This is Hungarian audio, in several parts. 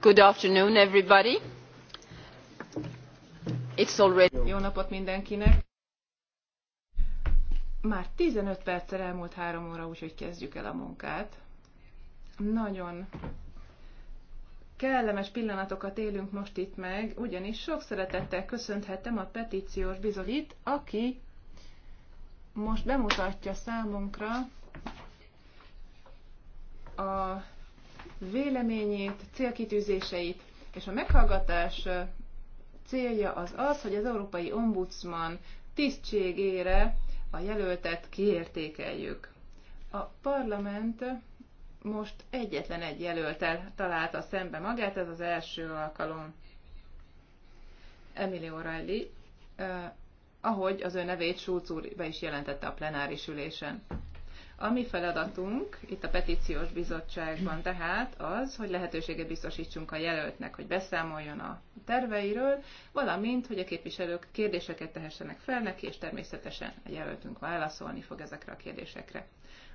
Good afternoon, everybody. It's already... Jó napot mindenkinek! Már 15 perccel elmúlt három óra, úgyhogy kezdjük el a munkát. Nagyon kellemes pillanatokat élünk most itt meg, ugyanis sok szeretettel köszönhetem a petíciós bizonyít, aki most bemutatja számunkra a véleményét, célkitűzéseit, és a meghallgatás célja az az, hogy az Európai Ombudsman tisztségére a jelöltet kiértékeljük. A parlament most egyetlen egy jelöltel találta szembe magát, ez az első alkalom. Emily O'Reilly, eh, ahogy az ő nevét Schulz úr be is jelentette a plenáris ülésen. A mi feladatunk itt a petíciós bizottságban tehát az, hogy lehetőséget biztosítsunk a jelöltnek, hogy beszámoljon a terveiről, valamint, hogy a képviselők kérdéseket tehessenek fel neki, és természetesen a jelöltünk válaszolni fog ezekre a kérdésekre.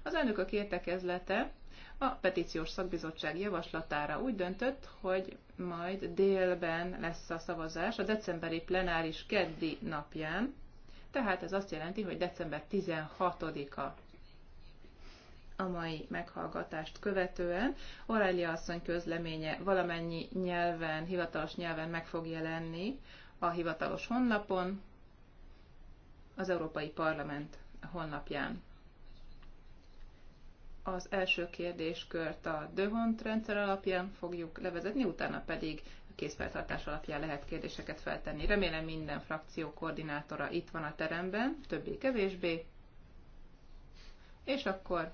Az elnökök értekezlete a petíciós szakbizottság javaslatára úgy döntött, hogy majd délben lesz a szavazás a decemberi plenáris keddi napján, tehát ez azt jelenti, hogy december 16-a a mai meghallgatást követően. Aurelia asszony közleménye valamennyi nyelven, hivatalos nyelven meg fog jelenni a hivatalos honlapon, az Európai Parlament honlapján. Az első kérdéskört a Döhont rendszer alapján fogjuk levezetni, utána pedig a készfeltartás alapján lehet kérdéseket feltenni. Remélem minden frakció koordinátora itt van a teremben, többé-kevésbé. És akkor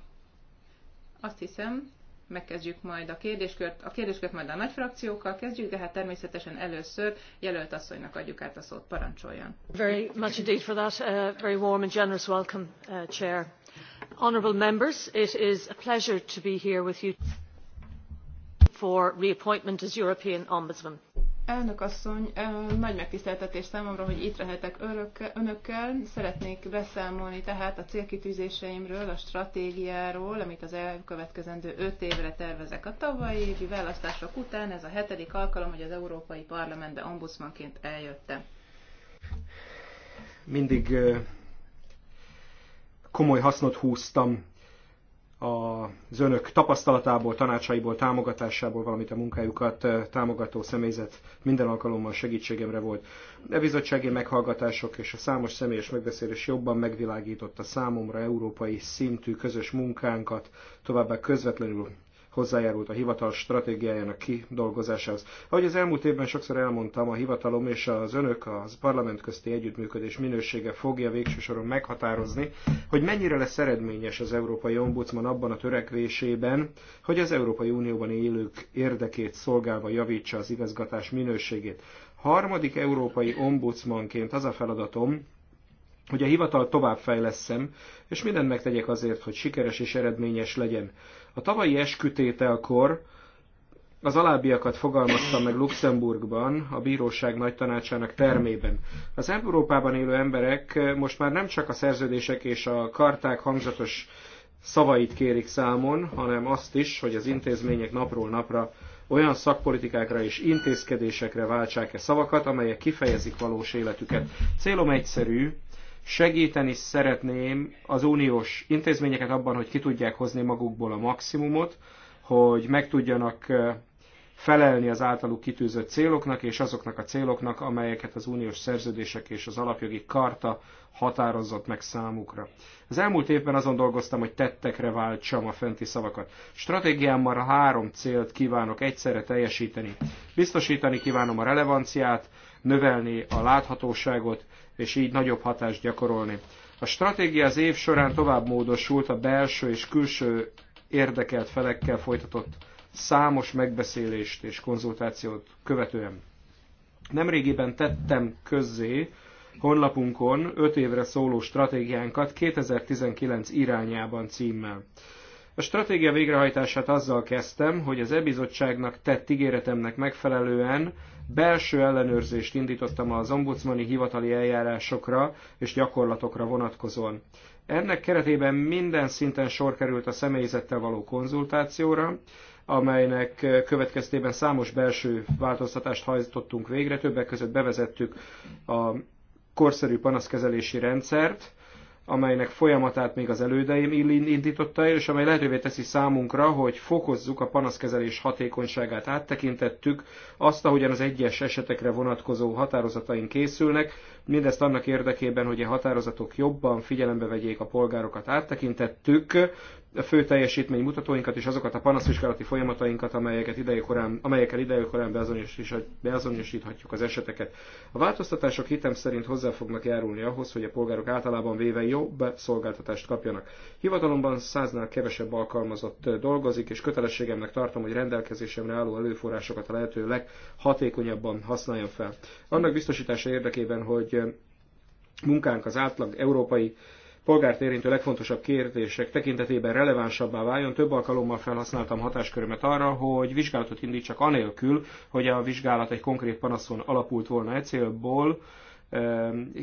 azt hiszem, megkezdjük majd a kérdéskört, a kérdéskört majd a nagy frakciókkal kezdjük, de hát természetesen először jelölt asszonynak adjuk át a szót, parancsoljon. Very much indeed for that A uh, very warm and generous welcome, uh, Chair. Honourable members, it is a pleasure to be here with you for reappointment as European Ombudsman Elnök asszony, nagy megtiszteltetés számomra, hogy itt lehetek önökkel. Szeretnék beszámolni tehát a célkitűzéseimről, a stratégiáról, amit az elkövetkezendő öt évre tervezek. A tavalyi évi választások után ez a hetedik alkalom, hogy az Európai Parlamentbe ombudsmanként eljöttem. Mindig komoly hasznot húztam az önök tapasztalatából, tanácsaiból, támogatásából, valamint a munkájukat eh, támogató személyzet minden alkalommal segítségemre volt. A e bizottsági meghallgatások és a számos személyes megbeszélés jobban megvilágította számomra európai szintű közös munkánkat, továbbá közvetlenül hozzájárult a hivatal stratégiájának kidolgozásához. Ahogy az elmúlt évben sokszor elmondtam, a hivatalom és az önök a parlament közti együttműködés minősége fogja végső soron meghatározni, hogy mennyire lesz eredményes az Európai Ombudsman abban a törekvésében, hogy az Európai Unióban élők érdekét szolgálva javítsa az igazgatás minőségét. Harmadik európai ombudsmanként az a feladatom, hogy a hivatal továbbfejlesszem és mindent megtegyek azért, hogy sikeres és eredményes legyen. A tavalyi eskütételkor az alábbiakat fogalmazta meg Luxemburgban, a bíróság nagy tanácsának termében. Az Európában élő emberek most már nem csak a szerződések és a karták hangzatos szavait kérik számon, hanem azt is, hogy az intézmények napról napra olyan szakpolitikákra és intézkedésekre váltsák-e szavakat, amelyek kifejezik valós életüket. Célom egyszerű, Segíteni szeretném az uniós intézményeket abban, hogy ki tudják hozni magukból a maximumot, hogy meg tudjanak felelni az általuk kitűzött céloknak és azoknak a céloknak, amelyeket az uniós szerződések és az alapjogi karta határozott meg számukra. Az elmúlt évben azon dolgoztam, hogy tettekre váltsam a fenti szavakat. Stratégiámmal a három célt kívánok egyszerre teljesíteni. Biztosítani kívánom a relevanciát, növelni a láthatóságot és így nagyobb hatást gyakorolni. A stratégia az év során tovább módosult a belső és külső érdekelt felekkel folytatott számos megbeszélést és konzultációt követően. Nemrégiben tettem közzé honlapunkon 5 évre szóló stratégiánkat 2019 irányában címmel. A stratégia végrehajtását azzal kezdtem, hogy az e-bizottságnak tett ígéretemnek megfelelően belső ellenőrzést indítottam az ombudsmani hivatali eljárásokra és gyakorlatokra vonatkozóan. Ennek keretében minden szinten sor került a személyzettel való konzultációra, amelynek következtében számos belső változtatást hajtottunk végre, többek között bevezettük a korszerű panaszkezelési rendszert, amelynek folyamatát még az elődeim indította el, és amely lehetővé teszi számunkra, hogy fokozzuk a panaszkezelés hatékonyságát. Áttekintettük azt, ahogyan az egyes esetekre vonatkozó határozataink készülnek, Mindezt annak érdekében, hogy a határozatok jobban figyelembe vegyék a polgárokat. Áttekintettük a fő teljesítmény mutatóinkat és azokat a panaszvizsgálati folyamatainkat, amelyeket korán, amelyekkel korán beazonosíthatjuk az eseteket. A változtatások hitem szerint hozzá fognak járulni ahhoz, hogy a polgárok általában véve jobb szolgáltatást kapjanak. Hivatalomban száznál kevesebb alkalmazott dolgozik, és kötelességemnek tartom, hogy rendelkezésemre álló előforrásokat a lehető leghatékonyabban használjam fel. Annak biztosítása érdekében, hogy munkánk az átlag európai polgárt érintő legfontosabb kérdések tekintetében relevánsabbá váljon, több alkalommal felhasználtam hatáskörömet arra, hogy vizsgálatot indítsak anélkül, hogy a vizsgálat egy konkrét panaszon alapult volna e célból,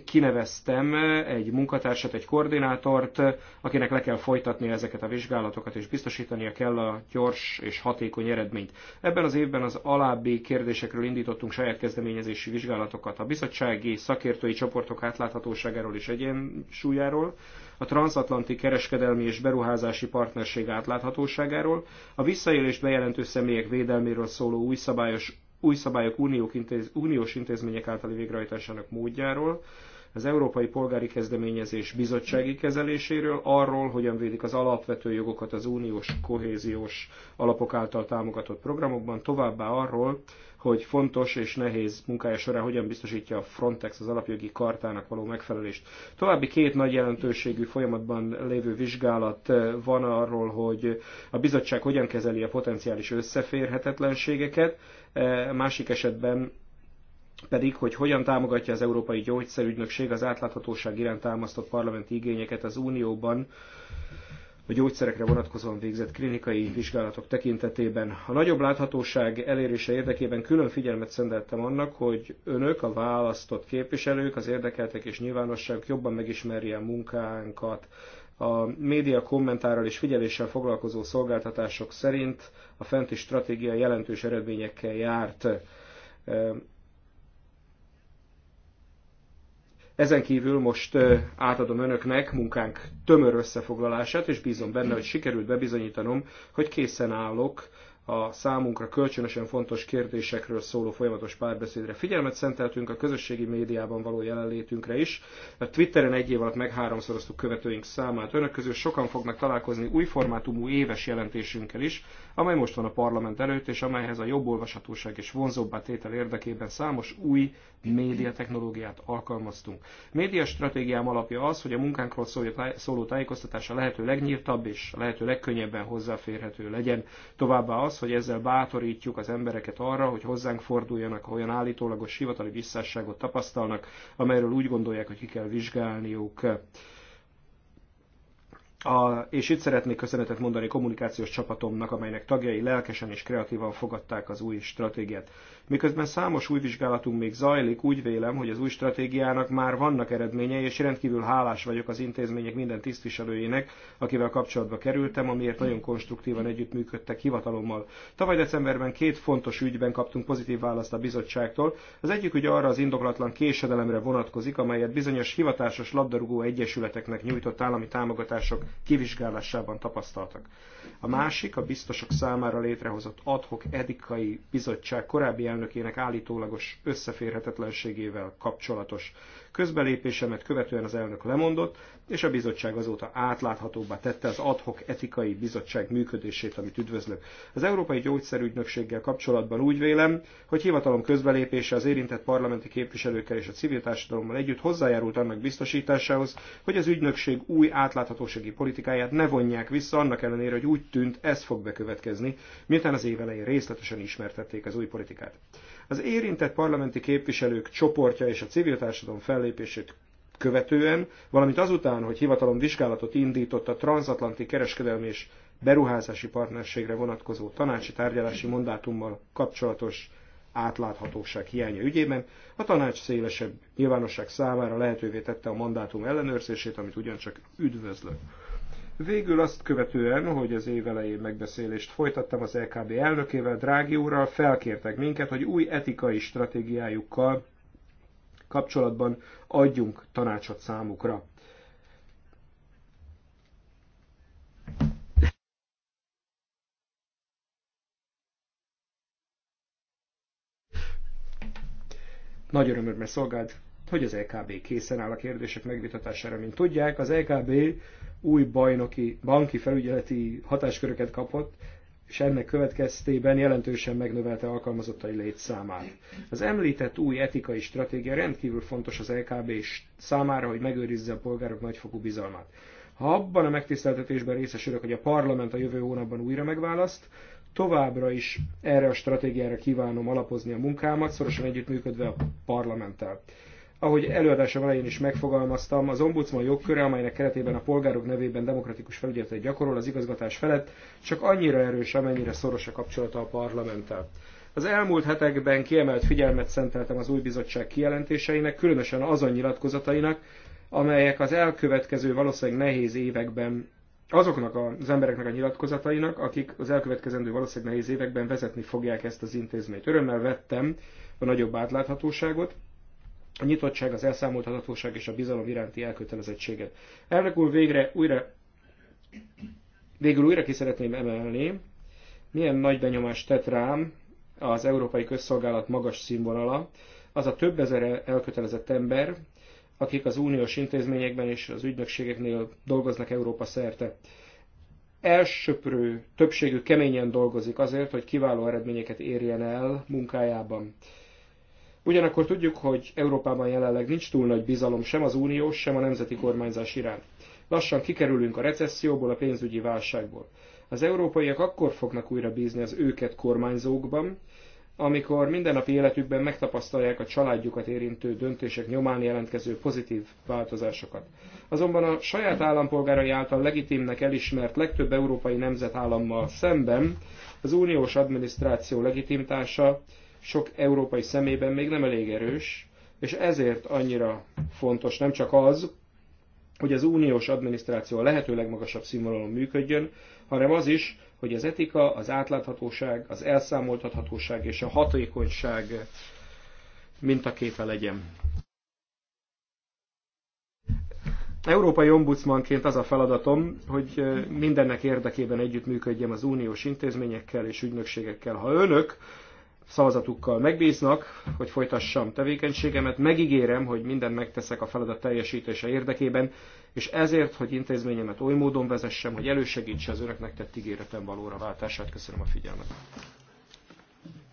kineveztem egy munkatársat, egy koordinátort, akinek le kell folytatni ezeket a vizsgálatokat, és biztosítania kell a gyors és hatékony eredményt. Ebben az évben az alábbi kérdésekről indítottunk saját kezdeményezési vizsgálatokat. A bizottsági szakértői csoportok átláthatóságáról és egyensúlyáról, a transatlanti kereskedelmi és beruházási partnerség átláthatóságáról, a visszaélést bejelentő személyek védelméről szóló új szabályos új szabályok uniós intézmények általi végrehajtásának módjáról, az Európai Polgári Kezdeményezés bizottsági kezeléséről, arról, hogyan védik az alapvető jogokat az uniós kohéziós alapok által támogatott programokban, továbbá arról, hogy fontos és nehéz munkája során hogyan biztosítja a Frontex az alapjogi kartának való megfelelést. További két nagy jelentőségű folyamatban lévő vizsgálat eh, van arról, hogy a bizottság hogyan kezeli a potenciális összeférhetetlenségeket, eh, másik esetben pedig, hogy hogyan támogatja az Európai Gyógyszerügynökség az átláthatóság iránt támasztott parlamenti igényeket az Unióban a gyógyszerekre vonatkozóan végzett klinikai vizsgálatok tekintetében. A nagyobb láthatóság elérése érdekében külön figyelmet szenteltem annak, hogy önök, a választott képviselők, az érdekeltek és nyilvánosság jobban megismerje a munkánkat. A média kommentárral és figyeléssel foglalkozó szolgáltatások szerint a fenti stratégia jelentős eredményekkel járt Ezen kívül most átadom önöknek munkánk tömör összefoglalását, és bízom benne, hogy sikerült bebizonyítanom, hogy készen állok a számunkra kölcsönösen fontos kérdésekről szóló folyamatos párbeszédre. Figyelmet szenteltünk a közösségi médiában való jelenlétünkre is. A Twitteren egy év alatt megháromszoroztuk követőink számát. Önök közül sokan fognak találkozni új formátumú éves jelentésünkkel is, amely most van a parlament előtt, és amelyhez a jobb olvashatóság és vonzóbbá tétel érdekében számos új médiatechnológiát alkalmaztunk. Média stratégiám alapja az, hogy a munkánkról szóló tájékoztatása lehető legnyíltabb és lehető legkönnyebben hozzáférhető legyen. Továbbá az, hogy ezzel bátorítjuk az embereket arra, hogy hozzánk forduljanak, ha olyan állítólagos hivatali visszásságot tapasztalnak, amelyről úgy gondolják, hogy ki kell vizsgálniuk. A, és itt szeretnék köszönetet mondani kommunikációs csapatomnak, amelynek tagjai lelkesen és kreatívan fogadták az új stratégiát. Miközben számos új vizsgálatunk még zajlik, úgy vélem, hogy az új stratégiának már vannak eredményei, és rendkívül hálás vagyok az intézmények minden tisztviselőjének, akivel kapcsolatba kerültem, amiért nagyon konstruktívan együttműködtek hivatalommal. Tavaly decemberben két fontos ügyben kaptunk pozitív választ a bizottságtól. Az egyik ügy arra az indoklatlan késedelemre vonatkozik, amelyet bizonyos hivatásos labdarúgó egyesületeknek nyújtott állami támogatások kivizsgálásában tapasztaltak. A másik a biztosok számára létrehozott adhok edikai bizottság korábbi elnökének állítólagos összeférhetetlenségével kapcsolatos. Közbelépésemet követően az elnök lemondott, és a bizottság azóta átláthatóbbá tette az adhok etikai bizottság működését, amit üdvözlök. Az Európai Gyógyszerügynökséggel kapcsolatban úgy vélem, hogy hivatalom közbelépése az érintett parlamenti képviselőkkel és a civil társadalommal együtt hozzájárult annak biztosításához, hogy az ügynökség új átláthatósági politikáját ne vonják vissza, annak ellenére, hogy úgy tűnt, ez fog bekövetkezni, miután az év elején részletesen ismertették az új politikát. Az érintett parlamenti képviselők csoportja és a civil társadalom fellépését követően, valamint azután, hogy hivatalom vizsgálatot indított a transatlanti kereskedelmi és beruházási partnerségre vonatkozó tanácsi tárgyalási mandátummal kapcsolatos átláthatóság hiánya ügyében, a tanács szélesebb nyilvánosság számára lehetővé tette a mandátum ellenőrzését, amit ugyancsak üdvözlök. Végül azt követően, hogy az év elején megbeszélést folytattam az LKB e elnökével, Drági úrral, felkértek minket, hogy új etikai stratégiájukkal kapcsolatban adjunk tanácsot számukra. Nagy örömömre szolgált, hogy az LKB készen áll a kérdések megvitatására, mint tudják. Az LKB új bajnoki banki felügyeleti hatásköröket kapott, és ennek következtében jelentősen megnövelte alkalmazottai létszámát. Az említett új etikai stratégia rendkívül fontos az LKB számára, hogy megőrizze a polgárok nagyfokú bizalmát. Ha abban a megtiszteltetésben részesülök, hogy a parlament a jövő hónapban újra megválaszt, továbbra is erre a stratégiára kívánom alapozni a munkámat, szorosan együttműködve a parlamenttel. Ahogy előadásom elején is megfogalmaztam, az ombudsman jogköre, amelynek keretében a polgárok nevében demokratikus felügyeletet gyakorol az igazgatás felett, csak annyira erős, amennyire szoros a kapcsolata a parlamenttel. Az elmúlt hetekben kiemelt figyelmet szenteltem az új bizottság kijelentéseinek, különösen azon nyilatkozatainak, amelyek az elkövetkező valószínűleg nehéz években azoknak az embereknek a nyilatkozatainak, akik az elkövetkezendő valószínűleg nehéz években vezetni fogják ezt az intézményt. Örömmel vettem a nagyobb átláthatóságot, a nyitottság, az elszámoltathatóság és a bizalom iránti elkötelezettséget. Elnök úr, végre újra, végül újra ki szeretném emelni, milyen nagy benyomást tett rám az Európai Közszolgálat magas színvonala, az a több ezer elkötelezett ember, akik az uniós intézményekben és az ügynökségeknél dolgoznak Európa szerte. Elsöprő többségük keményen dolgozik azért, hogy kiváló eredményeket érjen el munkájában. Ugyanakkor tudjuk, hogy Európában jelenleg nincs túl nagy bizalom sem az uniós, sem a nemzeti kormányzás iránt. Lassan kikerülünk a recesszióból, a pénzügyi válságból. Az európaiak akkor fognak újra bízni az őket kormányzókban, amikor mindennapi életükben megtapasztalják a családjukat érintő döntések nyomán jelentkező pozitív változásokat. Azonban a saját állampolgárai által legitimnek elismert legtöbb európai nemzetállammal szemben az uniós adminisztráció legitimitása sok európai szemében még nem elég erős, és ezért annyira fontos nem csak az, hogy az uniós adminisztráció a lehető legmagasabb színvonalon működjön, hanem az is, hogy az etika, az átláthatóság, az elszámoltathatóság és a hatékonyság mintaképe legyen. Európai ombudsmanként az a feladatom, hogy mindennek érdekében együttműködjem az uniós intézményekkel és ügynökségekkel. Ha önök szavazatukkal megbíznak, hogy folytassam tevékenységemet. Megígérem, hogy mindent megteszek a feladat teljesítése érdekében, és ezért, hogy intézményemet oly módon vezessem, hogy elősegítse az önöknek tett ígéretem valóra váltását. Köszönöm a figyelmet.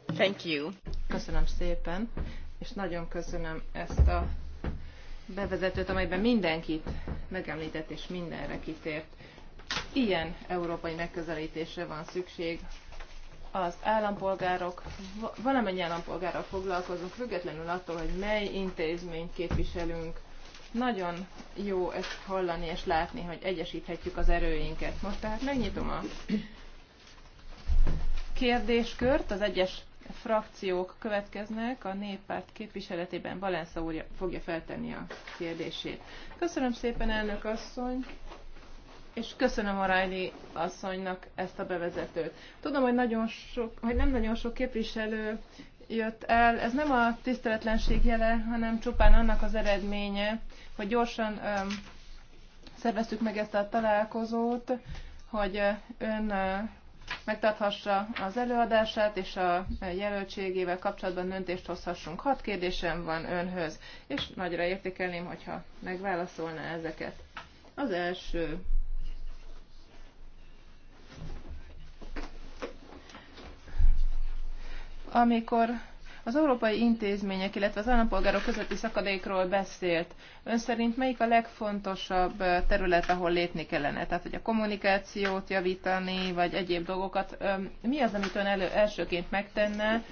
Thank you. Köszönöm szépen, és nagyon köszönöm ezt a bevezetőt, amelyben mindenkit megemlített és mindenre kitért. Ilyen európai megközelítésre van szükség az állampolgárok, valamennyi állampolgárral foglalkozunk, függetlenül attól, hogy mely intézményt képviselünk. Nagyon jó ezt hallani és látni, hogy egyesíthetjük az erőinket. Most tehát megnyitom a kérdéskört, az egyes frakciók következnek, a néppárt képviseletében Valensza úr fogja feltenni a kérdését. Köszönöm szépen, elnök asszony! és köszönöm O'Reilly asszonynak ezt a bevezetőt. Tudom, hogy, nagyon sok, hogy nem nagyon sok képviselő jött el. Ez nem a tiszteletlenség jele, hanem csupán annak az eredménye, hogy gyorsan öm, szerveztük meg ezt a találkozót, hogy ön öm, megtarthassa az előadását, és a jelöltségével kapcsolatban döntést hozhassunk. Hat kérdésem van önhöz, és nagyra értékelném, hogyha megválaszolná ezeket. Az első amikor az európai intézmények, illetve az állampolgárok közötti szakadékról beszélt. Ön szerint melyik a legfontosabb terület, ahol lépni kellene? Tehát, hogy a kommunikációt javítani, vagy egyéb dolgokat. Mi az, amit ön elő, elsőként megtenne,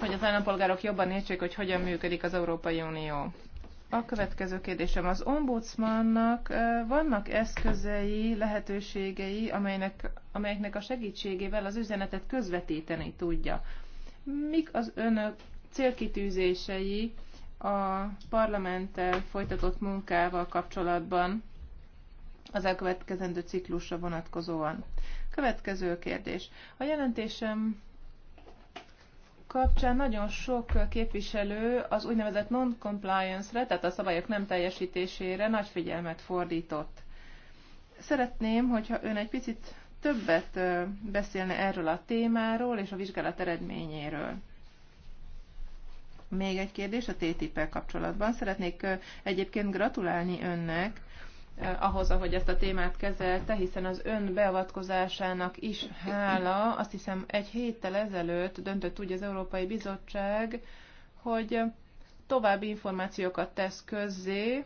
hogy az állampolgárok jobban értsék, hogy hogyan működik az Európai Unió? A következő kérdésem. Az ombudsmannak vannak eszközei, lehetőségei, amelynek, amelyeknek a segítségével az üzenetet közvetíteni tudja Mik az önök célkitűzései a parlamenttel folytatott munkával kapcsolatban az elkövetkezendő ciklusra vonatkozóan? Következő kérdés. A jelentésem kapcsán nagyon sok képviselő az úgynevezett non-compliance-re, tehát a szabályok nem teljesítésére nagy figyelmet fordított. Szeretném, hogyha ön egy picit többet beszélne erről a témáról és a vizsgálat eredményéről. Még egy kérdés a TTIP-el kapcsolatban. Szeretnék egyébként gratulálni önnek ahhoz, ahogy ezt a témát kezelte, hiszen az ön beavatkozásának is hála, azt hiszem egy héttel ezelőtt döntött úgy az Európai Bizottság, hogy további információkat tesz közzé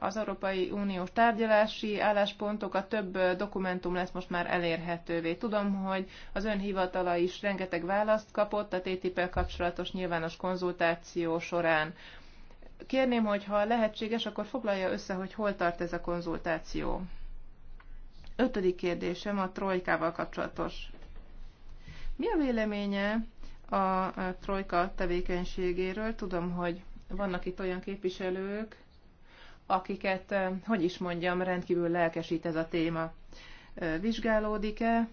az Európai Uniós tárgyalási álláspontok, a több dokumentum lesz most már elérhetővé. Tudom, hogy az ön hivatala is rengeteg választ kapott a ttip kapcsolatos nyilvános konzultáció során. Kérném, hogy ha lehetséges, akkor foglalja össze, hogy hol tart ez a konzultáció. Ötödik kérdésem a trojkával kapcsolatos. Mi a véleménye a trojka tevékenységéről? Tudom, hogy vannak itt olyan képviselők, akiket, hogy is mondjam, rendkívül lelkesít ez a téma. Vizsgálódik-e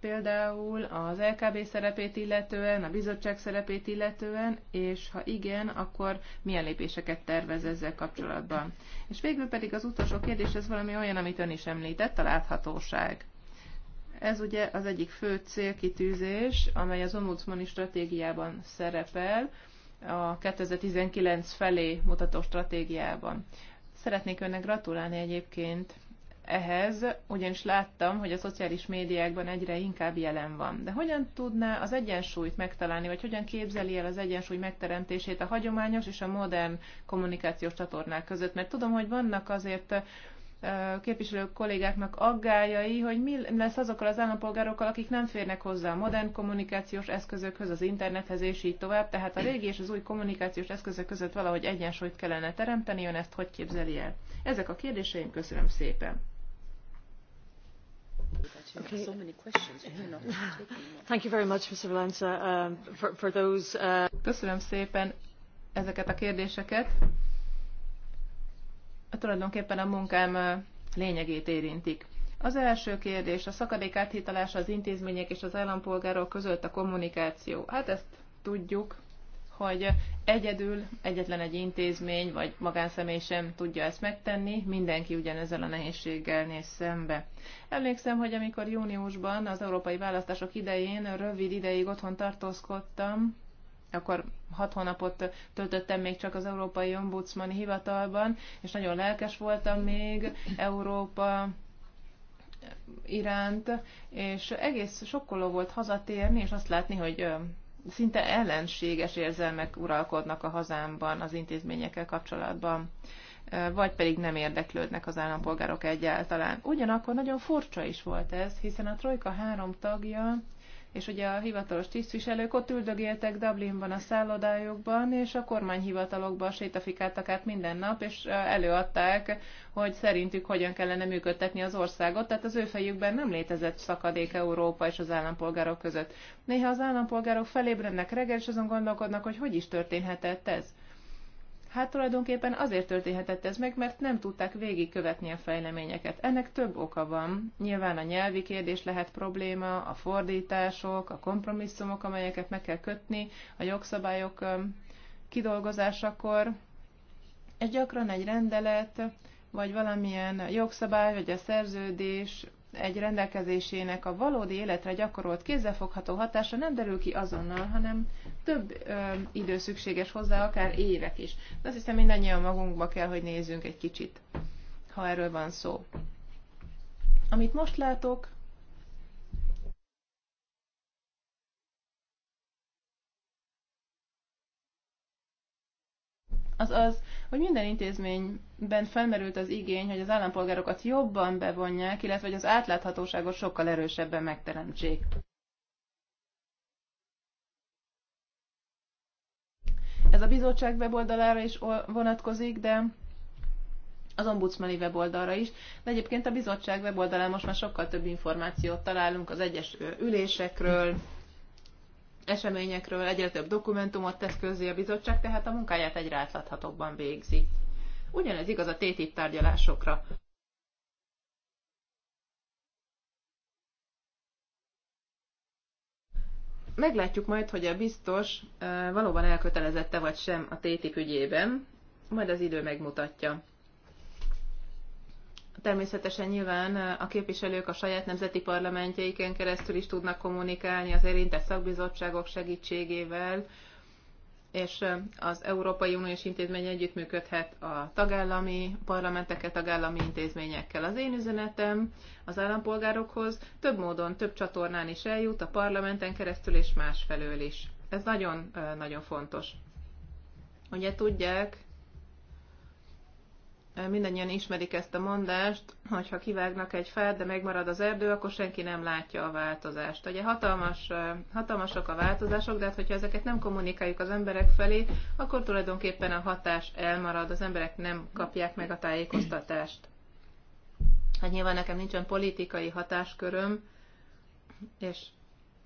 például az LKB szerepét illetően, a bizottság szerepét illetően, és ha igen, akkor milyen lépéseket tervez ezzel kapcsolatban. És végül pedig az utolsó kérdés, ez valami olyan, amit ön is említett, a láthatóság. Ez ugye az egyik fő célkitűzés, amely az ombudsmani stratégiában szerepel, a 2019 felé mutató stratégiában. Szeretnék önnek gratulálni egyébként ehhez, ugyanis láttam, hogy a szociális médiákban egyre inkább jelen van. De hogyan tudná az egyensúlyt megtalálni, vagy hogyan képzeli el az egyensúly megteremtését a hagyományos és a modern kommunikációs csatornák között? Mert tudom, hogy vannak azért képviselő kollégáknak aggájai, hogy mi lesz azokkal az állampolgárokkal, akik nem férnek hozzá a modern kommunikációs eszközökhöz, az internethez és így tovább. Tehát a régi és az új kommunikációs eszközök között valahogy egyensúlyt kellene teremteni, ön ezt hogy képzeli el? Ezek a kérdéseim, köszönöm szépen. Okay. Thank you very much, Mr. Valenza, uh, for, for those. Uh... Köszönöm szépen ezeket a kérdéseket tulajdonképpen a munkám lényegét érintik. Az első kérdés, a szakadék áthitalása az intézmények és az állampolgárok között a kommunikáció. Hát ezt tudjuk, hogy egyedül egyetlen egy intézmény vagy magánszemély sem tudja ezt megtenni, mindenki ugyanezzel a nehézséggel néz szembe. Emlékszem, hogy amikor júniusban az európai választások idején rövid ideig otthon tartózkodtam, akkor hat hónapot töltöttem még csak az Európai Ombudsmani Hivatalban, és nagyon lelkes voltam még Európa iránt, és egész sokkoló volt hazatérni, és azt látni, hogy szinte ellenséges érzelmek uralkodnak a hazámban az intézményekkel kapcsolatban vagy pedig nem érdeklődnek az állampolgárok egyáltalán. Ugyanakkor nagyon furcsa is volt ez, hiszen a Trojka három tagja és ugye a hivatalos tisztviselők ott üldögéltek Dublinban a szállodájukban, és a kormányhivatalokban sétafikáltak át minden nap, és előadták, hogy szerintük hogyan kellene működtetni az országot, tehát az ő fejükben nem létezett szakadék Európa és az állampolgárok között. Néha az állampolgárok felébrednek reggel, és azon gondolkodnak, hogy hogy is történhetett ez. Hát tulajdonképpen azért történhetett ez meg, mert nem tudták végigkövetni a fejleményeket. Ennek több oka van. Nyilván a nyelvi kérdés lehet probléma, a fordítások, a kompromisszumok, amelyeket meg kell kötni, a jogszabályok kidolgozásakor. Ez gyakran egy rendelet, vagy valamilyen jogszabály, vagy a szerződés egy rendelkezésének a valódi életre gyakorolt kézzelfogható hatása nem derül ki azonnal, hanem több ö, idő szükséges hozzá, akár évek is. De azt hiszem mindannyian magunkba kell, hogy nézzünk egy kicsit, ha erről van szó. Amit most látok, az az, hogy minden intézményben felmerült az igény, hogy az állampolgárokat jobban bevonják, illetve hogy az átláthatóságot sokkal erősebben megteremtsék. Ez a bizottság weboldalára is vonatkozik, de az ombudsmani weboldalra is, de egyébként a bizottság weboldalán most már sokkal több információt találunk az egyes ülésekről, eseményekről egyre több dokumentumot tesz közzé a bizottság, tehát a munkáját egyre átláthatóbban végzi. Ugyanez igaz a TTIP tárgyalásokra. Meglátjuk majd, hogy a biztos eh, valóban elkötelezette vagy sem a TTIP ügyében, majd az idő megmutatja. Természetesen nyilván a képviselők a saját nemzeti parlamentjeiken keresztül is tudnak kommunikálni az érintett szakbizottságok segítségével, és az Európai Uniós Intézmény együttműködhet a tagállami parlamenteket tagállami intézményekkel. Az én üzenetem az állampolgárokhoz több módon, több csatornán is eljut, a parlamenten keresztül és másfelől is. Ez nagyon-nagyon fontos. Ugye tudják, mindannyian ismerik ezt a mondást, hogy ha kivágnak egy fát, de megmarad az erdő, akkor senki nem látja a változást. Ugye hatalmas, hatalmasok a változások, de hát hogyha ezeket nem kommunikáljuk az emberek felé, akkor tulajdonképpen a hatás elmarad, az emberek nem kapják meg a tájékoztatást. Hát nyilván nekem nincsen politikai hatásköröm, és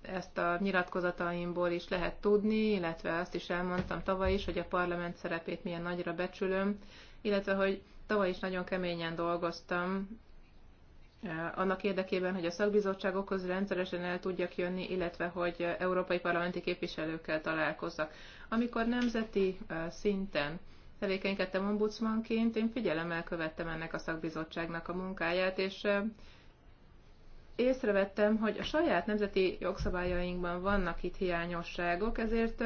ezt a nyilatkozataimból is lehet tudni, illetve azt is elmondtam tavaly is, hogy a parlament szerepét milyen nagyra becsülöm, illetve hogy tavaly is nagyon keményen dolgoztam annak érdekében, hogy a szakbizottságokhoz rendszeresen el tudjak jönni, illetve hogy európai parlamenti képviselőkkel találkozzak. Amikor nemzeti szinten tevékenykedtem ombudsmanként, én figyelemmel követtem ennek a szakbizottságnak a munkáját, és észrevettem, hogy a saját nemzeti jogszabályainkban vannak itt hiányosságok, ezért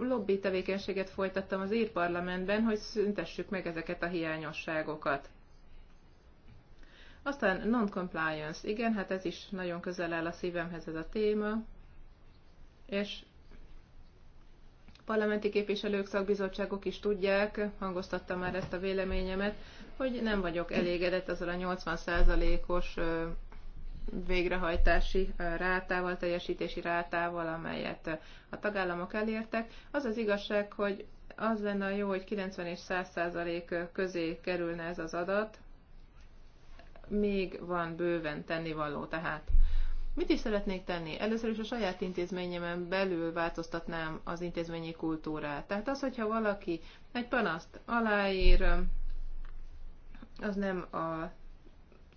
lobby tevékenységet folytattam az ír parlamentben, hogy szüntessük meg ezeket a hiányosságokat. Aztán non-compliance. Igen, hát ez is nagyon közel áll a szívemhez ez a téma. És parlamenti képviselők, szakbizottságok is tudják, hangoztattam már ezt a véleményemet, hogy nem vagyok elégedett azzal a 80%-os végrehajtási rátával, teljesítési rátával, amelyet a tagállamok elértek. Az az igazság, hogy az lenne a jó, hogy 90 és 100 százalék közé kerülne ez az adat, még van bőven tennivaló tehát. Mit is szeretnék tenni? Először is a saját intézményemen belül változtatnám az intézményi kultúrát. Tehát az, hogyha valaki egy panaszt aláír, az nem a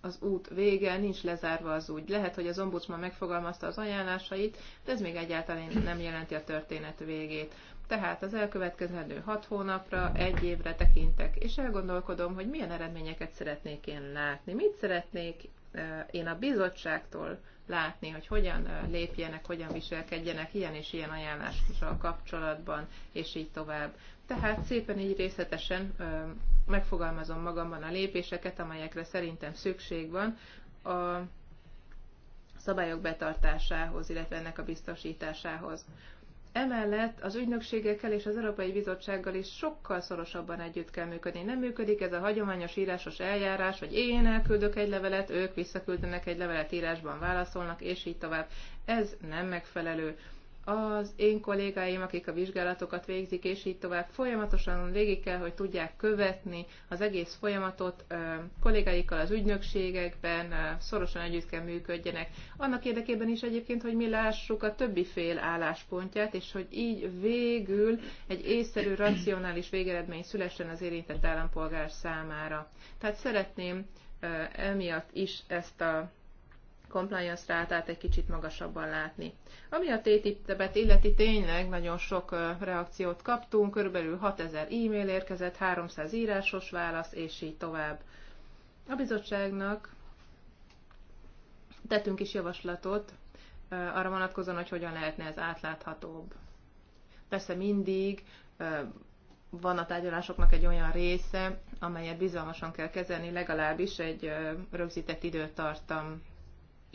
az út vége, nincs lezárva az úgy. Lehet, hogy az ombudsman megfogalmazta az ajánlásait, de ez még egyáltalán nem jelenti a történet végét. Tehát az elkövetkezendő hat hónapra, egy évre tekintek, és elgondolkodom, hogy milyen eredményeket szeretnék én látni. Mit szeretnék eh, én a bizottságtól látni, hogy hogyan eh, lépjenek, hogyan viselkedjenek ilyen és ilyen ajánlással kapcsolatban, és így tovább. Tehát szépen így részletesen eh, megfogalmazom magamban a lépéseket, amelyekre szerintem szükség van a szabályok betartásához, illetve ennek a biztosításához. Emellett az ügynökségekkel és az Európai Bizottsággal is sokkal szorosabban együtt kell működni. Nem működik ez a hagyományos írásos eljárás, hogy én elküldök egy levelet, ők visszaküldenek egy levelet, írásban válaszolnak, és így tovább. Ez nem megfelelő az én kollégáim, akik a vizsgálatokat végzik, és így tovább folyamatosan végig kell, hogy tudják követni az egész folyamatot kollégáikkal az ügynökségekben, szorosan együtt kell működjenek. Annak érdekében is egyébként, hogy mi lássuk a többi fél álláspontját, és hogy így végül egy észszerű, racionális végeredmény szülessen az érintett állampolgár számára. Tehát szeretném emiatt is ezt a compliance rátát egy kicsit magasabban látni. Ami a TTIP-et illeti, tényleg nagyon sok reakciót kaptunk, körülbelül 6000 e-mail érkezett, 300 írásos válasz, és így tovább. A bizottságnak tettünk is javaslatot arra vonatkozóan, hogy hogyan lehetne ez átláthatóbb. Persze mindig van a tárgyalásoknak egy olyan része, amelyet bizalmasan kell kezelni, legalábbis egy rögzített időtartam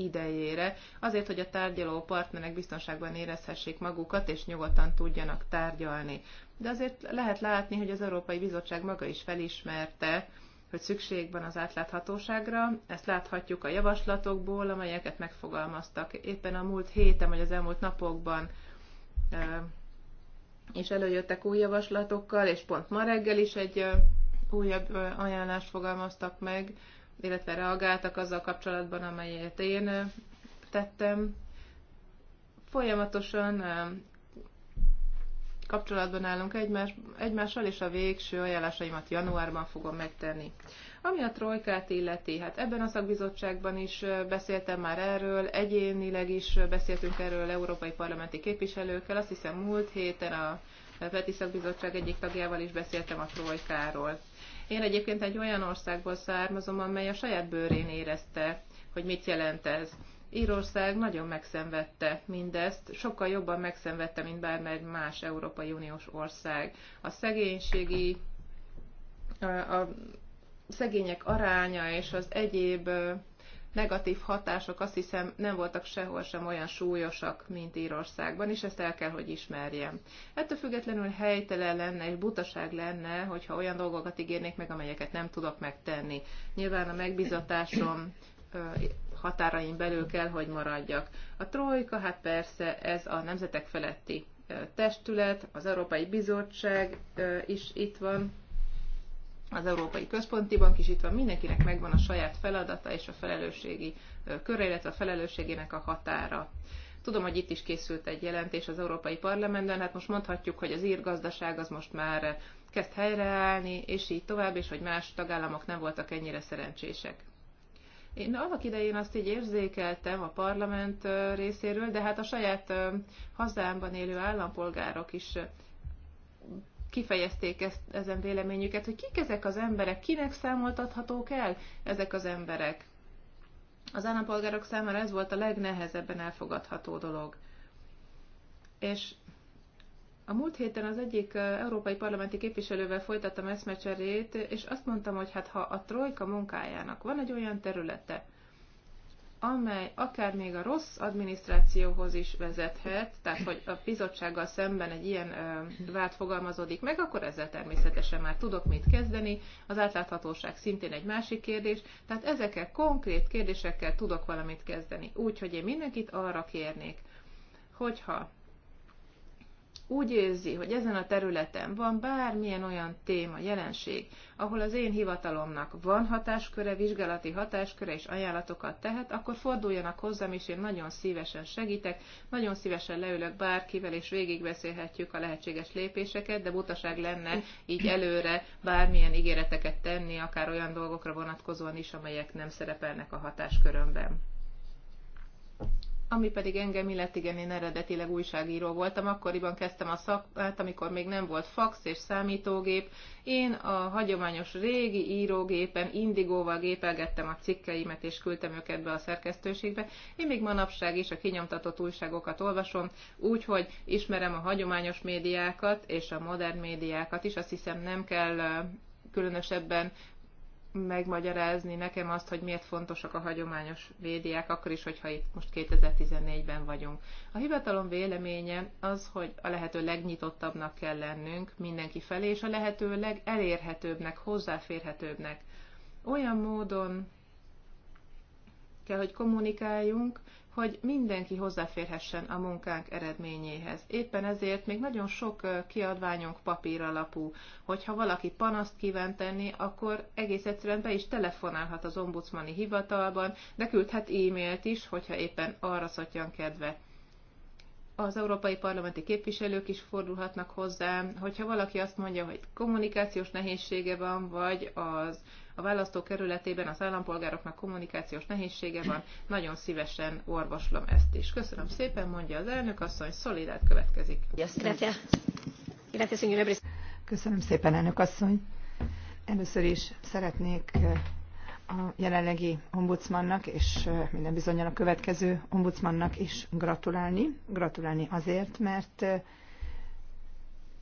idejére, azért, hogy a tárgyaló partnerek biztonságban érezhessék magukat, és nyugodtan tudjanak tárgyalni. De azért lehet látni, hogy az Európai Bizottság maga is felismerte, hogy szükség van az átláthatóságra. Ezt láthatjuk a javaslatokból, amelyeket megfogalmaztak éppen a múlt héten vagy az elmúlt napokban és előjöttek új javaslatokkal, és pont ma reggel is egy újabb ajánlást fogalmaztak meg illetve reagáltak azzal kapcsolatban, amelyet én tettem. Folyamatosan kapcsolatban állunk egymás, egymással, és a végső ajánlásaimat januárban fogom megtenni. Ami a trojkát illeti, hát ebben a szakbizottságban is beszéltem már erről, egyénileg is beszéltünk erről európai parlamenti képviselőkkel, azt hiszem múlt héten a Peti Szakbizottság egyik tagjával is beszéltem a trojkáról. Én egyébként egy olyan országból származom, amely a saját bőrén érezte, hogy mit jelent ez. Írország nagyon megszenvedte mindezt, sokkal jobban megszenvedte, mint bármely más Európai Uniós ország. A szegénységi, a, a szegények aránya és az egyéb negatív hatások azt hiszem nem voltak sehol sem olyan súlyosak, mint Írországban, és ezt el kell, hogy ismerjem. Ettől függetlenül helytelen lenne és butaság lenne, hogyha olyan dolgokat ígérnék meg, amelyeket nem tudok megtenni. Nyilván a megbizatásom határain belül kell, hogy maradjak. A trojka, hát persze ez a nemzetek feletti testület, az Európai Bizottság is itt van, az Európai Központi Bank is itt van, mindenkinek megvan a saját feladata és a felelősségi köre, illetve a felelősségének a határa. Tudom, hogy itt is készült egy jelentés az Európai Parlamentben, hát most mondhatjuk, hogy az ír gazdaság az most már kezd helyreállni, és így tovább, és hogy más tagállamok nem voltak ennyire szerencsések. Én annak idején azt így érzékeltem a parlament részéről, de hát a saját hazámban élő állampolgárok is kifejezték ezt, ezen véleményüket, hogy kik ezek az emberek, kinek számoltathatók el ezek az emberek. Az állampolgárok számára ez volt a legnehezebben elfogadható dolog. És a múlt héten az egyik európai parlamenti képviselővel folytattam eszmecserét, és azt mondtam, hogy hát ha a trojka munkájának van egy olyan területe, amely akár még a rossz adminisztrációhoz is vezethet, tehát hogy a bizottsággal szemben egy ilyen ö, vált fogalmazódik meg, akkor ezzel természetesen már tudok mit kezdeni. Az átláthatóság szintén egy másik kérdés, tehát ezekkel konkrét kérdésekkel tudok valamit kezdeni. Úgyhogy én mindenkit arra kérnék, hogyha úgy érzi, hogy ezen a területen van bármilyen olyan téma, jelenség, ahol az én hivatalomnak van hatásköre, vizsgálati hatásköre és ajánlatokat tehet, akkor forduljanak hozzám, és én nagyon szívesen segítek, nagyon szívesen leülök bárkivel, és végigbeszélhetjük a lehetséges lépéseket, de butaság lenne így előre bármilyen ígéreteket tenni, akár olyan dolgokra vonatkozóan is, amelyek nem szerepelnek a hatáskörömben. Ami pedig engem illet, igen, én eredetileg újságíró voltam, akkoriban kezdtem a szakmát, amikor még nem volt fax és számítógép. Én a hagyományos régi írógépen, indigóval gépelgettem a cikkeimet, és küldtem őket be a szerkesztőségbe. Én még manapság is a kinyomtatott újságokat olvasom, úgyhogy ismerem a hagyományos médiákat és a modern médiákat is. Azt hiszem nem kell különösebben megmagyarázni nekem azt, hogy miért fontosak a hagyományos médiák, akkor is, hogyha itt most 2014-ben vagyunk. A hivatalom véleménye az, hogy a lehető legnyitottabbnak kell lennünk mindenki felé, és a lehető legelérhetőbbnek, hozzáférhetőbbnek. Olyan módon kell, hogy kommunikáljunk, hogy mindenki hozzáférhessen a munkánk eredményéhez. Éppen ezért még nagyon sok kiadványunk papír alapú. Hogyha valaki panaszt kíván tenni, akkor egész egyszerűen be is telefonálhat az ombudsmani hivatalban, de küldhet e-mailt is, hogyha éppen arra szotjan kedve az európai parlamenti képviselők is fordulhatnak hozzám, hogyha valaki azt mondja, hogy kommunikációs nehézsége van, vagy az a választókerületében az állampolgároknak kommunikációs nehézsége van, nagyon szívesen orvoslom ezt is. Köszönöm szépen, mondja az elnök asszony, Szolidát következik. Köszönöm szépen, elnök asszony. Először is szeretnék a jelenlegi ombudsmannak és minden bizonyal a következő ombudsmannak is gratulálni. Gratulálni azért, mert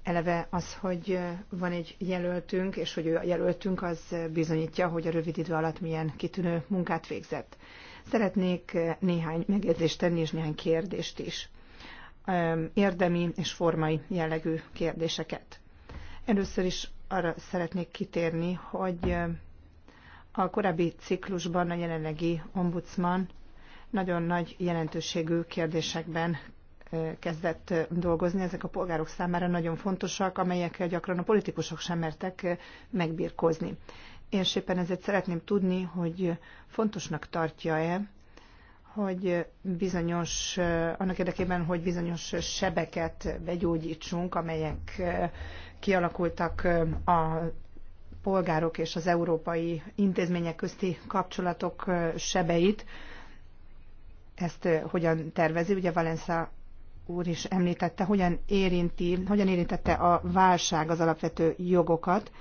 eleve az, hogy van egy jelöltünk, és hogy ő a jelöltünk, az bizonyítja, hogy a rövid idő alatt milyen kitűnő munkát végzett. Szeretnék néhány megjegyzést tenni, és néhány kérdést is. Érdemi és formai jellegű kérdéseket. Először is arra szeretnék kitérni, hogy a korábbi ciklusban a jelenlegi ombudsman nagyon nagy jelentőségű kérdésekben kezdett dolgozni. Ezek a polgárok számára nagyon fontosak, amelyekkel gyakran a politikusok sem mertek megbírkozni. Én éppen ezért szeretném tudni, hogy fontosnak tartja-e, hogy bizonyos, annak érdekében, hogy bizonyos sebeket begyógyítsunk, amelyek kialakultak a polgárok és az európai intézmények közti kapcsolatok sebeit. Ezt hogyan tervezi? Ugye Valenza úr is említette, hogyan érinti, hogyan érintette a válság az alapvető jogokat,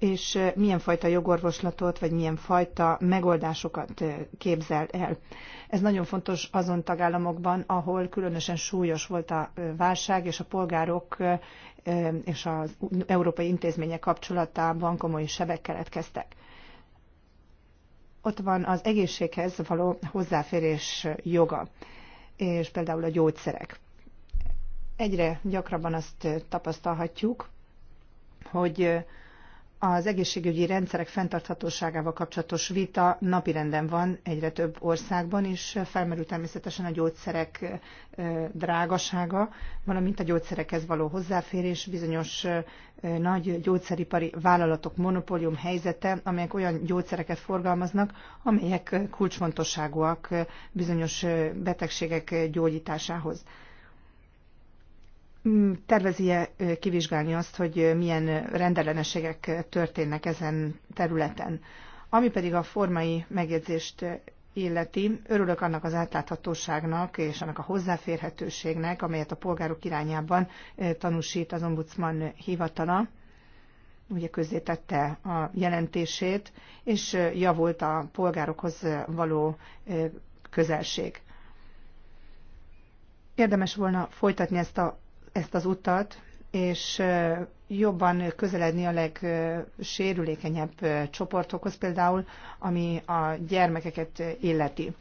és milyen fajta jogorvoslatot, vagy milyen fajta megoldásokat képzel el. Ez nagyon fontos azon tagállamokban, ahol különösen súlyos volt a válság, és a polgárok és az európai intézmények kapcsolatában komoly sebek keletkeztek. Ott van az egészséghez való hozzáférés joga, és például a gyógyszerek. Egyre gyakrabban azt tapasztalhatjuk, hogy az egészségügyi rendszerek fenntarthatóságával kapcsolatos vita napirenden van egyre több országban, és felmerül természetesen a gyógyszerek drágasága, valamint a gyógyszerekhez való hozzáférés, bizonyos nagy gyógyszeripari vállalatok monopólium helyzete, amelyek olyan gyógyszereket forgalmaznak, amelyek kulcsfontosságúak bizonyos betegségek gyógyításához. Hmm, tervezi-e kivizsgálni azt, hogy milyen rendellenességek történnek ezen területen? Ami pedig a formai megjegyzést illeti, örülök annak az átláthatóságnak és annak a hozzáférhetőségnek, amelyet a polgárok irányában tanúsít az ombudsman hivatala. Ugye közzétette a jelentését, és javult a polgárokhoz való közelség. Érdemes volna folytatni ezt a ezt az utat, és jobban közeledni a legsérülékenyebb csoportokhoz, például ami a gyermekeket illeti.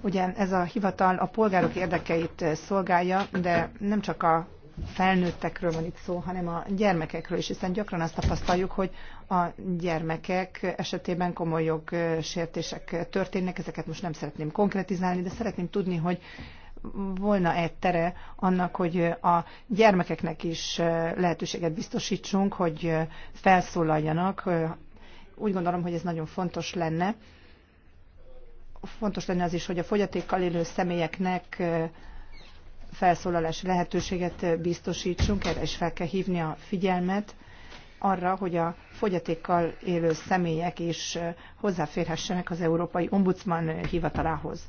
Ugyan ez a hivatal a polgárok érdekeit szolgálja, de nem csak a felnőttekről van itt szó, hanem a gyermekekről is, hiszen gyakran azt tapasztaljuk, hogy a gyermekek esetében komoly jogsértések történnek, ezeket most nem szeretném konkretizálni, de szeretném tudni, hogy volna-e tere annak, hogy a gyermekeknek is lehetőséget biztosítsunk, hogy felszólaljanak. Úgy gondolom, hogy ez nagyon fontos lenne. Fontos lenne az is, hogy a fogyatékkal élő személyeknek felszólalási lehetőséget biztosítsunk, erre is fel kell hívni a figyelmet arra, hogy a fogyatékkal élő személyek is hozzáférhessenek az Európai Ombudsman hivatalához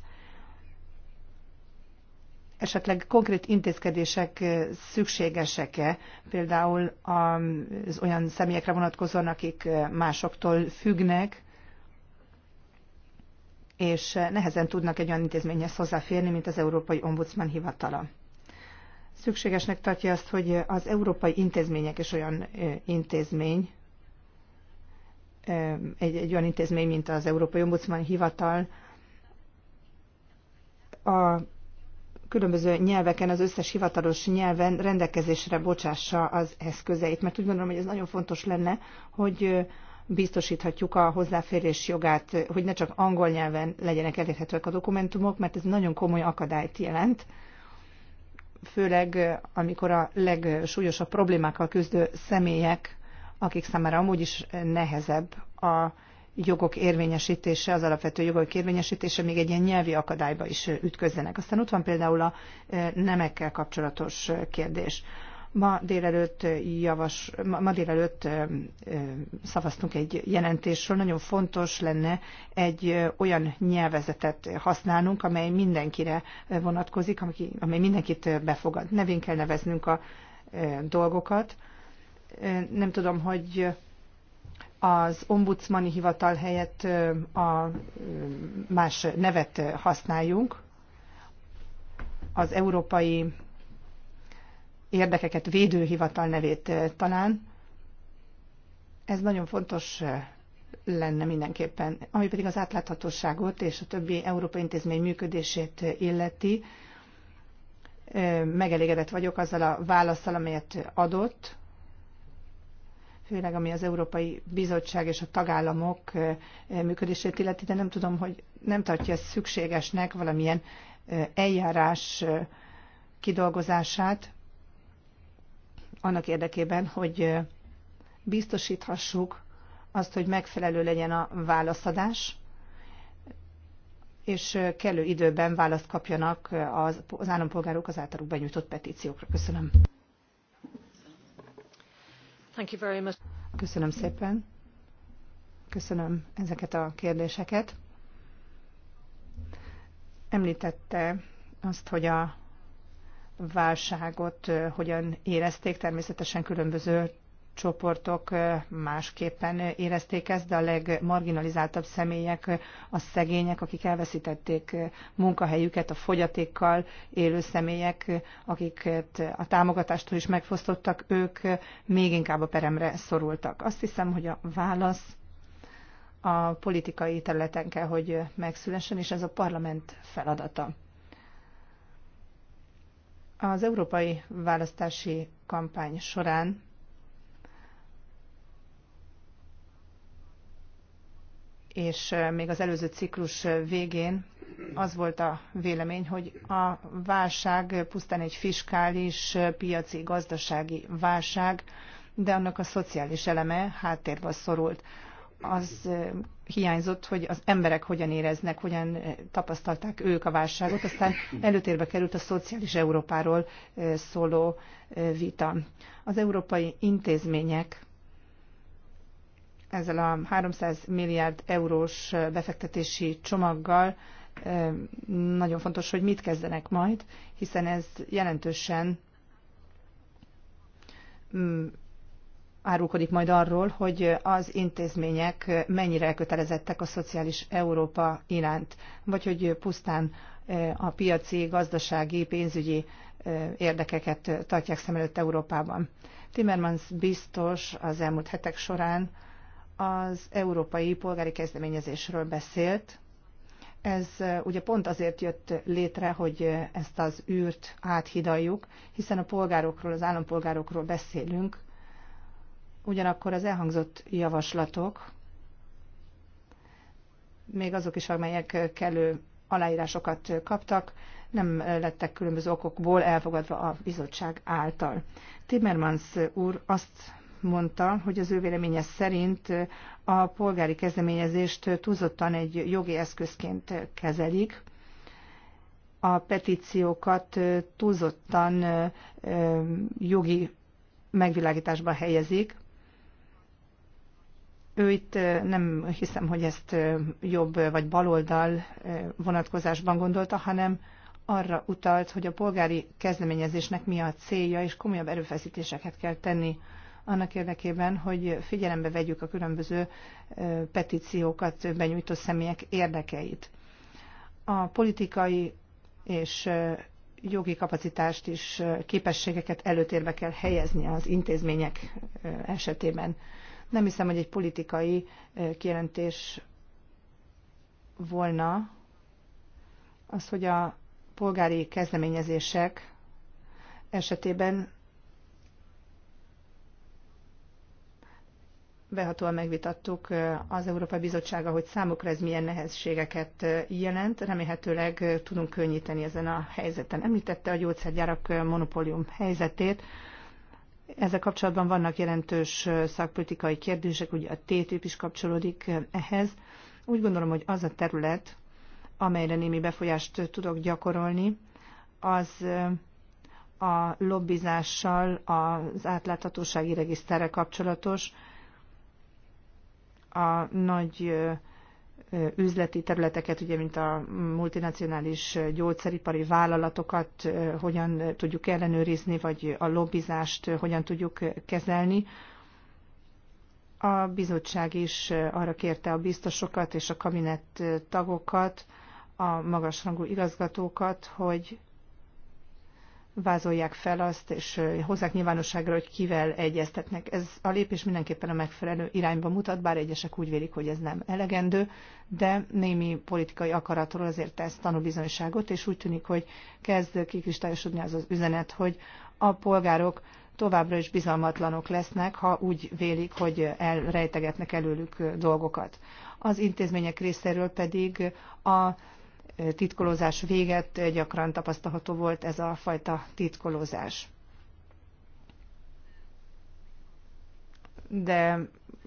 esetleg konkrét intézkedések szükségesek-e, például az olyan személyekre vonatkozóan, akik másoktól függnek, és nehezen tudnak egy olyan intézményhez hozzáférni, mint az Európai Ombudsman hivatala. Szükségesnek tartja azt, hogy az európai intézmények és olyan intézmény, egy, egy olyan intézmény, mint az Európai Ombudsman hivatal, a különböző nyelveken, az összes hivatalos nyelven rendelkezésre bocsássa az eszközeit, mert úgy gondolom, hogy ez nagyon fontos lenne, hogy biztosíthatjuk a hozzáférés jogát, hogy ne csak angol nyelven legyenek elérhetőek a dokumentumok, mert ez nagyon komoly akadályt jelent, főleg amikor a legsúlyosabb problémákkal küzdő személyek, akik számára amúgy is nehezebb a jogok érvényesítése, az alapvető jogok érvényesítése még egy ilyen nyelvi akadályba is ütközzenek. Aztán ott van például a e, nemekkel kapcsolatos kérdés. Ma délelőtt, javas, ma délelőtt e, e, szavaztunk egy jelentésről. Nagyon fontos lenne egy olyan nyelvezetet használnunk, amely mindenkire vonatkozik, amely mindenkit befogad. Nevén kell neveznünk a dolgokat. Nem tudom, hogy az ombudsmani hivatal helyett a más nevet használjunk, az Európai Érdekeket Védő Hivatal nevét talán. Ez nagyon fontos lenne mindenképpen. Ami pedig az átláthatóságot és a többi európai intézmény működését illeti, megelégedett vagyok azzal a válaszsal, amelyet adott, főleg ami az Európai Bizottság és a tagállamok működését illeti, de nem tudom, hogy nem tartja ezt szükségesnek valamilyen eljárás kidolgozását annak érdekében, hogy biztosíthassuk azt, hogy megfelelő legyen a válaszadás, és kellő időben választ kapjanak az, az állampolgárok az általuk benyújtott petíciókra. Köszönöm. Köszönöm szépen. Köszönöm ezeket a kérdéseket. Említette azt, hogy a válságot eh, hogyan érezték, természetesen különböző csoportok másképpen érezték ezt, de a legmarginalizáltabb személyek a szegények, akik elveszítették munkahelyüket, a fogyatékkal élő személyek, akiket a támogatástól is megfosztottak, ők még inkább a peremre szorultak. Azt hiszem, hogy a válasz a politikai területen kell, hogy megszülessen, és ez a parlament feladata. Az európai választási kampány során és még az előző ciklus végén az volt a vélemény, hogy a válság pusztán egy fiskális, piaci, gazdasági válság, de annak a szociális eleme háttérbe szorult. Az hiányzott, hogy az emberek hogyan éreznek, hogyan tapasztalták ők a válságot, aztán előtérbe került a szociális Európáról szóló vita. Az európai intézmények ezzel a 300 milliárd eurós befektetési csomaggal nagyon fontos, hogy mit kezdenek majd, hiszen ez jelentősen mm, árulkodik majd arról, hogy az intézmények mennyire elkötelezettek a szociális Európa iránt, vagy hogy pusztán a piaci, gazdasági, pénzügyi érdekeket tartják szem előtt Európában. Timmermans biztos az elmúlt hetek során az európai polgári kezdeményezésről beszélt. Ez ugye pont azért jött létre, hogy ezt az űrt áthidaljuk, hiszen a polgárokról, az állampolgárokról beszélünk, ugyanakkor az elhangzott javaslatok, még azok is, amelyek kellő aláírásokat kaptak, nem lettek különböző okokból elfogadva a bizottság által. Timmermans úr azt mondta, hogy az ő véleménye szerint a polgári kezdeményezést túlzottan egy jogi eszközként kezelik, a petíciókat túlzottan jogi megvilágításba helyezik. Ő itt nem hiszem, hogy ezt jobb vagy baloldal vonatkozásban gondolta, hanem arra utalt, hogy a polgári kezdeményezésnek mi a célja, és komolyabb erőfeszítéseket kell tenni annak érdekében, hogy figyelembe vegyük a különböző petíciókat benyújtó személyek érdekeit. A politikai és jogi kapacitást és képességeket előtérbe kell helyezni az intézmények esetében. Nem hiszem, hogy egy politikai kijelentés volna az, hogy a polgári kezdeményezések esetében behatóan megvitattuk az Európai Bizottsága, hogy számukra ez milyen nehézségeket jelent. Remélhetőleg tudunk könnyíteni ezen a helyzeten. Említette a gyógyszergyárak monopólium helyzetét. Ezzel kapcsolatban vannak jelentős szakpolitikai kérdések, ugye a t is kapcsolódik ehhez. Úgy gondolom, hogy az a terület, amelyre némi befolyást tudok gyakorolni, az a lobbizással, az átláthatósági regiszterre kapcsolatos, a nagy üzleti területeket, ugye mint a multinacionális gyógyszeripari vállalatokat hogyan tudjuk ellenőrizni, vagy a lobbizást hogyan tudjuk kezelni. A bizottság is arra kérte a biztosokat és a kabinett tagokat, a magasrangú igazgatókat, hogy vázolják fel azt, és hozzák nyilvánosságra, hogy kivel egyeztetnek. Ez a lépés mindenképpen a megfelelő irányba mutat, bár egyesek úgy vélik, hogy ez nem elegendő, de némi politikai akaratról azért tesz tanúbizonyságot, és úgy tűnik, hogy kezd kikristályosodni az az üzenet, hogy a polgárok továbbra is bizalmatlanok lesznek, ha úgy vélik, hogy elrejtegetnek előlük dolgokat. Az intézmények részéről pedig a titkolózás véget gyakran tapasztalható volt ez a fajta titkolózás. De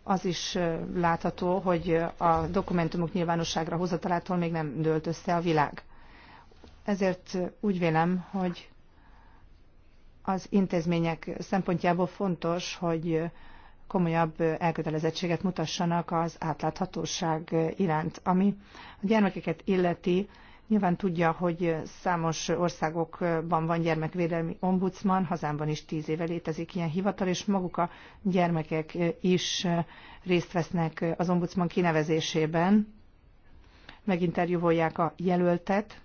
az is látható, hogy a dokumentumok nyilvánosságra hozatalától még nem dőlt össze a világ. Ezért úgy vélem, hogy az intézmények szempontjából fontos, hogy komolyabb elkötelezettséget mutassanak az átláthatóság iránt. Ami a gyermekeket illeti, nyilván tudja, hogy számos országokban van gyermekvédelmi ombudsman, hazámban is tíz éve létezik ilyen hivatal, és maguk a gyermekek is részt vesznek az ombudsman kinevezésében, meginterjúvolják a jelöltet,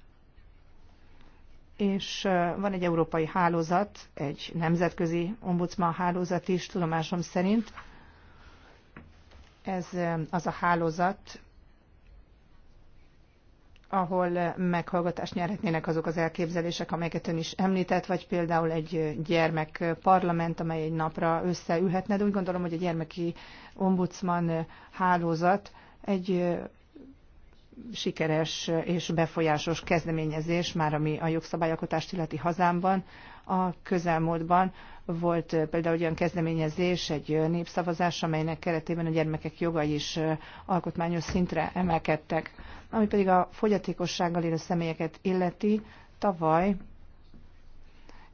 és van egy európai hálózat, egy nemzetközi ombudsman hálózat is, tudomásom szerint. Ez az a hálózat, ahol meghallgatást nyerhetnének azok az elképzelések, amelyeket ön is említett, vagy például egy gyermekparlament, amely egy napra összeülhetne, de úgy gondolom, hogy a gyermeki ombudsman hálózat egy sikeres és befolyásos kezdeményezés, már ami a jogszabályalkotást illeti hazámban, a közelmúltban volt például olyan kezdeményezés, egy népszavazás, amelynek keretében a gyermekek jogai is alkotmányos szintre emelkedtek. Ami pedig a fogyatékossággal élő személyeket illeti, tavaly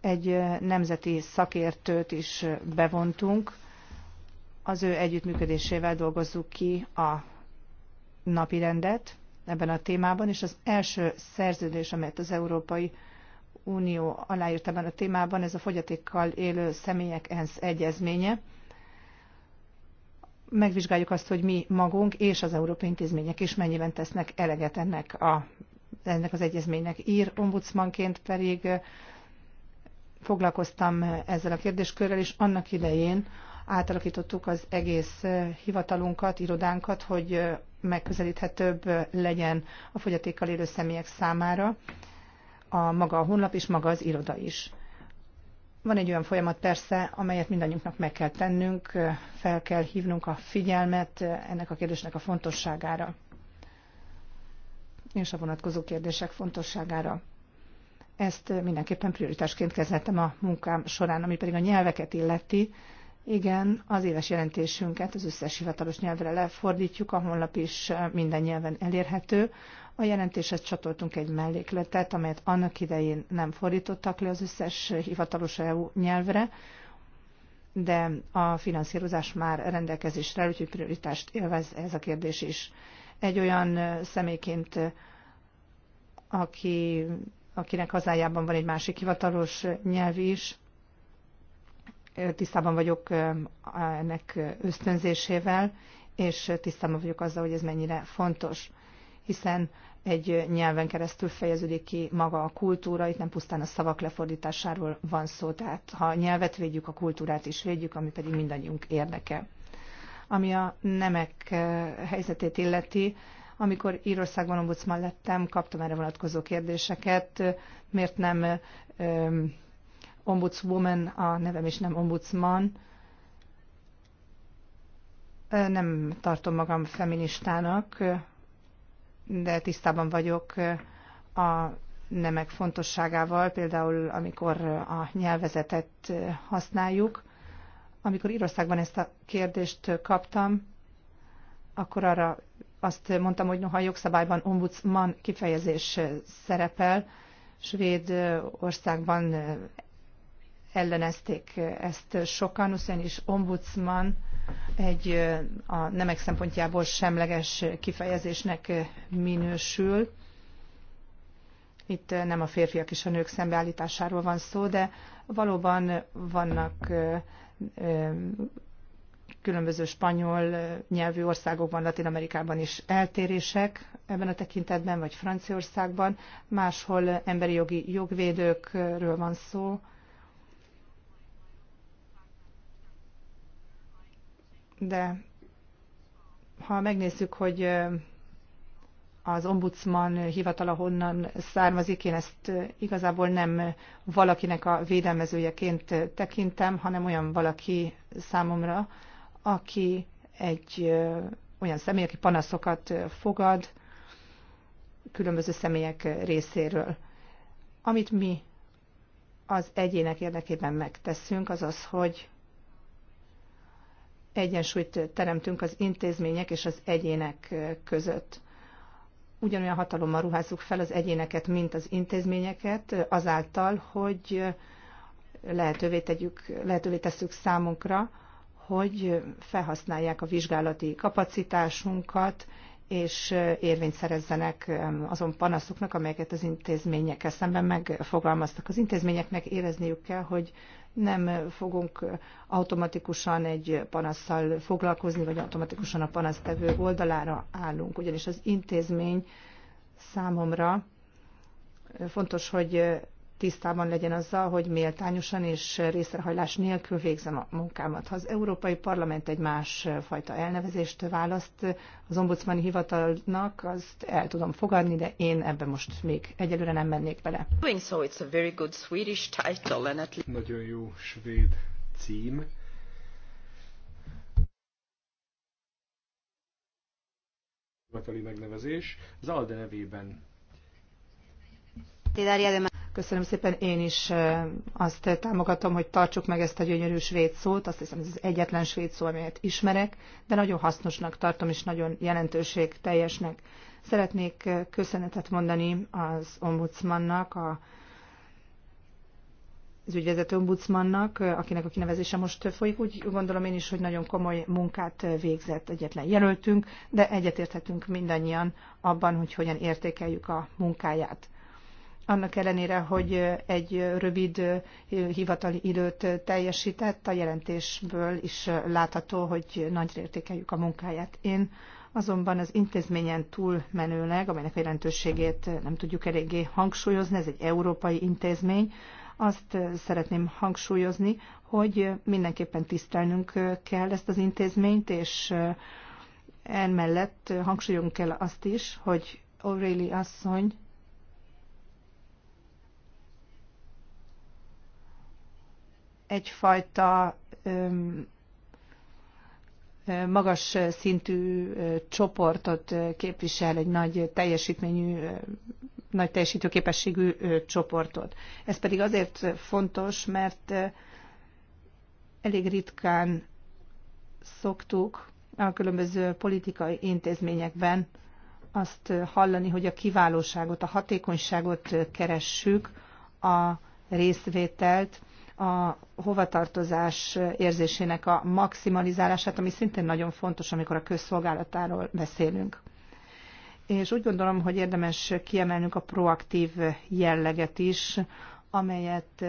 egy nemzeti szakértőt is bevontunk, az ő együttműködésével dolgozzuk ki a napirendet, ebben a témában, és az első szerződés, amelyet az Európai Unió aláírt ebben a témában, ez a fogyatékkal élő személyek ENSZ egyezménye. Megvizsgáljuk azt, hogy mi magunk és az európai intézmények is mennyiben tesznek eleget ennek, a, ennek az egyezménynek. Ír ombudsmanként pedig foglalkoztam ezzel a kérdéskörrel, és annak idején átalakítottuk az egész hivatalunkat, irodánkat, hogy megközelíthetőbb legyen a fogyatékkal élő személyek számára, a maga a honlap és maga az iroda is. Van egy olyan folyamat persze, amelyet mindannyiunknak meg kell tennünk, fel kell hívnunk a figyelmet ennek a kérdésnek a fontosságára és a vonatkozó kérdések fontosságára. Ezt mindenképpen prioritásként kezeltem a munkám során, ami pedig a nyelveket illeti. Igen, az éves jelentésünket az összes hivatalos nyelvre lefordítjuk, a honlap is minden nyelven elérhető. A jelentéshez csatoltunk egy mellékletet, amelyet annak idején nem fordítottak le az összes hivatalos EU nyelvre, de a finanszírozás már rendelkezésre, úgyhogy prioritást élvez ez a kérdés is. Egy olyan személyként, aki, akinek hazájában van egy másik hivatalos nyelv is, tisztában vagyok ennek ösztönzésével, és tisztában vagyok azzal, hogy ez mennyire fontos, hiszen egy nyelven keresztül fejeződik ki maga a kultúra, itt nem pusztán a szavak lefordításáról van szó, tehát ha a nyelvet védjük, a kultúrát is védjük, ami pedig mindannyiunk érdeke. Ami a nemek helyzetét illeti, amikor Írországban ombudsman lettem, kaptam erre vonatkozó kérdéseket, miért nem ombudswoman a nevem, is nem ombudsman. Nem tartom magam feministának, de tisztában vagyok a nemek fontosságával, például amikor a nyelvezetet használjuk. Amikor Írországban ezt a kérdést kaptam, akkor arra azt mondtam, hogy noha a jogszabályban ombudsman kifejezés szerepel, Svéd országban ellenezték ezt sokan, ugyanis ombudsman egy a nemek szempontjából semleges kifejezésnek minősül. Itt nem a férfiak és a nők szembeállításáról van szó, de valóban vannak különböző spanyol nyelvű országokban, Latin Amerikában is eltérések ebben a tekintetben, vagy Franciaországban, máshol emberi jogi jogvédőkről van szó, de ha megnézzük, hogy az ombudsman hivatala honnan származik, én ezt igazából nem valakinek a védelmezőjeként tekintem, hanem olyan valaki számomra, aki egy olyan személy, aki panaszokat fogad különböző személyek részéről. Amit mi az egyének érdekében megteszünk, az az, hogy egyensúlyt teremtünk az intézmények és az egyének között. Ugyanolyan hatalommal ruházzuk fel az egyéneket, mint az intézményeket, azáltal, hogy lehetővé, tegyük, lehetővé tesszük számunkra, hogy felhasználják a vizsgálati kapacitásunkat, és érvényt szerezzenek azon panaszoknak, amelyeket az intézményekkel szemben megfogalmaztak. Az intézményeknek érezniük kell, hogy nem fogunk automatikusan egy panasszal foglalkozni, vagy automatikusan a panasztevő oldalára állunk, ugyanis az intézmény számomra fontos, hogy tisztában legyen azzal, hogy méltányosan és részrehajlás nélkül végzem a munkámat. Ha az Európai Parlament egy más fajta elnevezést választ az ombudsmani hivatalnak, azt el tudom fogadni, de én ebben most még egyelőre nem mennék bele. So it's a very good Swedish title Nagyon jó svéd cím. Hivatali megnevezés. Az Alde nevében Köszönöm szépen, én is azt támogatom, hogy tartsuk meg ezt a gyönyörű svéd szót, azt hiszem ez az egyetlen svéd szó, amelyet ismerek, de nagyon hasznosnak tartom, és nagyon jelentőség teljesnek. Szeretnék köszönetet mondani az ombudsmannak, a az ügyvezető ombudsmannak, akinek a kinevezése most folyik. Úgy gondolom én is, hogy nagyon komoly munkát végzett egyetlen jelöltünk, de egyetérthetünk mindannyian abban, hogy hogyan értékeljük a munkáját annak ellenére, hogy egy rövid hivatali időt teljesített, a jelentésből is látható, hogy nagyra értékeljük a munkáját. Én azonban az intézményen túl menőleg, amelynek jelentőségét nem tudjuk eléggé hangsúlyozni, ez egy európai intézmény, azt szeretném hangsúlyozni, hogy mindenképpen tisztelnünk kell ezt az intézményt, és emellett hangsúlyunk kell azt is, hogy O'Reilly asszony egyfajta magas szintű csoportot képvisel, egy nagy teljesítményű, nagy teljesítőképességű csoportot. Ez pedig azért fontos, mert elég ritkán szoktuk a különböző politikai intézményekben azt hallani, hogy a kiválóságot, a hatékonyságot keressük, a részvételt a hovatartozás érzésének a maximalizálását, ami szintén nagyon fontos, amikor a közszolgálatáról beszélünk. És úgy gondolom, hogy érdemes kiemelnünk a proaktív jelleget is, amelyet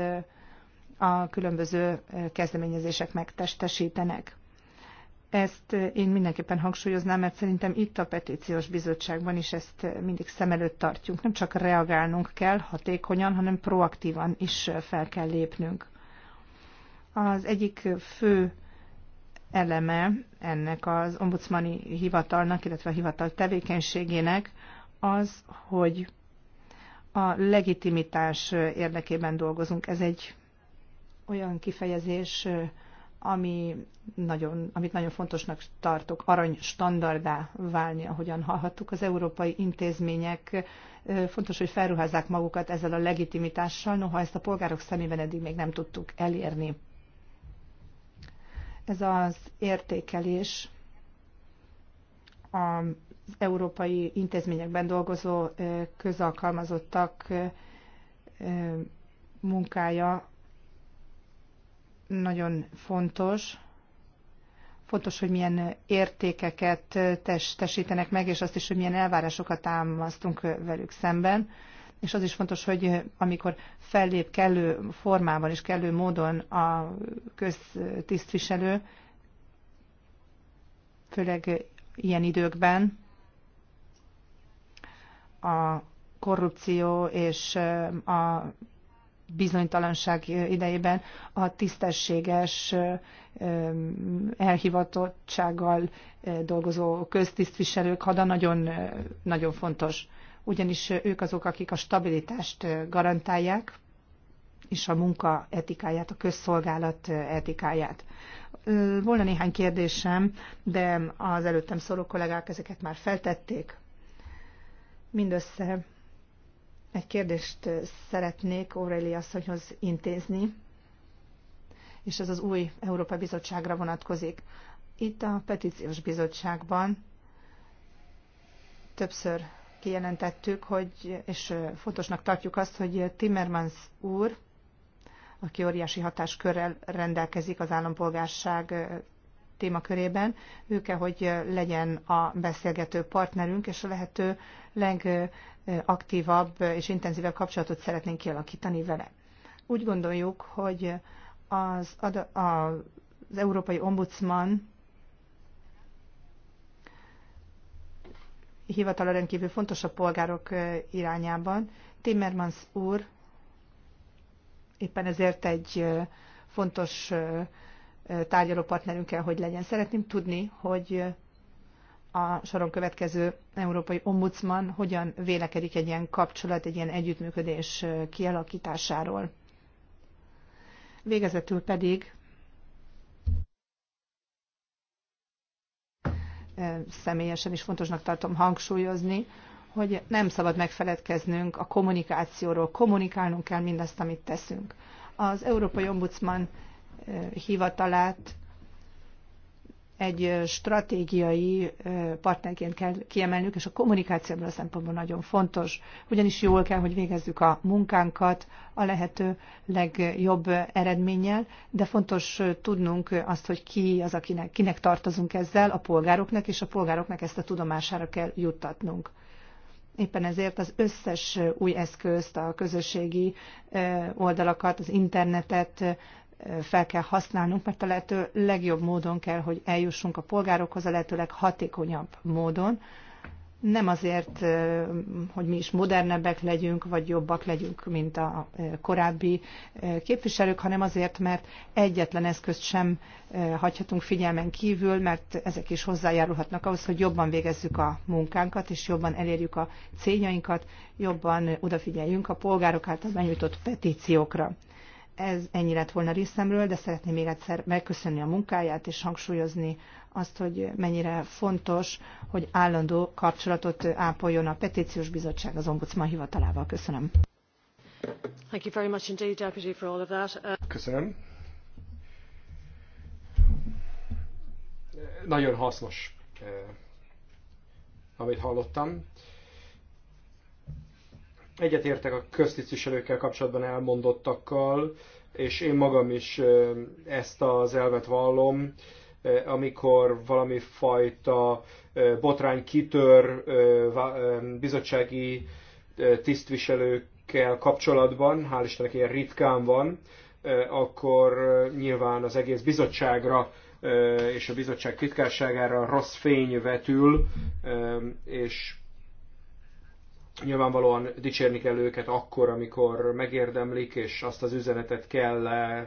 a különböző kezdeményezések megtestesítenek. Ezt én mindenképpen hangsúlyoznám, mert szerintem itt a petíciós bizottságban is ezt mindig szem előtt tartjuk. Nem csak reagálnunk kell hatékonyan, hanem proaktívan is fel kell lépnünk. Az egyik fő eleme ennek az ombudsmani hivatalnak, illetve a hivatal tevékenységének az, hogy a legitimitás érdekében dolgozunk. Ez egy olyan kifejezés, ami nagyon, amit nagyon fontosnak tartok, arany standardá válni, ahogyan hallhattuk. Az európai intézmények fontos, hogy felruházzák magukat ezzel a legitimitással, noha ezt a polgárok szemében eddig még nem tudtuk elérni. Ez az értékelés az európai intézményekben dolgozó közalkalmazottak munkája nagyon fontos. Fontos, hogy milyen értékeket testesítenek meg, és azt is, hogy milyen elvárásokat támasztunk velük szemben és az is fontos, hogy eh, amikor fellép kellő formában és kellő módon a köztisztviselő, főleg ilyen időkben, a korrupció és eh, a bizonytalanság idejében a tisztességes eh, elhivatottsággal dolgozó köztisztviselők hada nagyon, nagyon fontos ugyanis ők azok, akik a stabilitást garantálják, és a munka etikáját, a közszolgálat etikáját. Volna néhány kérdésem, de az előttem szóló kollégák ezeket már feltették. Mindössze egy kérdést szeretnék Aureli asszonyhoz intézni, és ez az új Európa Bizottságra vonatkozik. Itt a Petíciós Bizottságban többször kijelentettük, hogy, és fontosnak tartjuk azt, hogy Timmermans úr, aki óriási hatáskörrel rendelkezik az állampolgárság témakörében, ő kell, hogy legyen a beszélgető partnerünk, és a lehető legaktívabb és intenzívebb kapcsolatot szeretnénk kialakítani vele. Úgy gondoljuk, hogy az, az Európai Ombudsman hivatala rendkívül fontos a polgárok irányában. Timmermans úr éppen ezért egy fontos tárgyalópartnerünk kell, hogy legyen. Szeretném tudni, hogy a soron következő európai ombudsman hogyan vélekedik egy ilyen kapcsolat, egy ilyen együttműködés kialakításáról. Végezetül pedig személyesen is fontosnak tartom hangsúlyozni, hogy nem szabad megfeledkeznünk a kommunikációról, kommunikálnunk kell mindazt, amit teszünk. Az Európai Ombudsman hivatalát egy stratégiai partnerként kell kiemelnünk, és a kommunikáció ebből a szempontból nagyon fontos, ugyanis jól kell, hogy végezzük a munkánkat a lehető legjobb eredménnyel, de fontos tudnunk azt, hogy ki az, akinek, kinek tartozunk ezzel, a polgároknak, és a polgároknak ezt a tudomására kell juttatnunk. Éppen ezért az összes új eszközt, a közösségi oldalakat, az internetet fel kell használnunk, mert a lehető legjobb módon kell, hogy eljussunk a polgárokhoz, a lehető leghatékonyabb módon. Nem azért, hogy mi is modernebbek legyünk, vagy jobbak legyünk, mint a korábbi képviselők, hanem azért, mert egyetlen eszközt sem hagyhatunk figyelmen kívül, mert ezek is hozzájárulhatnak ahhoz, hogy jobban végezzük a munkánkat, és jobban elérjük a céljainkat, jobban odafigyeljünk a polgárok által benyújtott petíciókra ez ennyi lett volna részemről, de szeretném még egyszer megköszönni a munkáját és hangsúlyozni azt, hogy mennyire fontos, hogy állandó kapcsolatot ápoljon a Petíciós Bizottság az Ombudsman Hivatalával. Köszönöm. Thank you very much indeed, Deputy, for all of that. Uh, Köszönöm. Nagyon hasznos, eh, amit hallottam. Egyetértek a köztisztviselőkkel kapcsolatban elmondottakkal, és én magam is ezt az elvet vallom, amikor valami fajta botrány kitör bizottsági tisztviselőkkel kapcsolatban, hál' Istennek ilyen ritkán van, akkor nyilván az egész bizottságra és a bizottság titkárságára rossz fény vetül, és Nyilvánvalóan dicsérni kell őket akkor, amikor megérdemlik, és azt az üzenetet kell eh,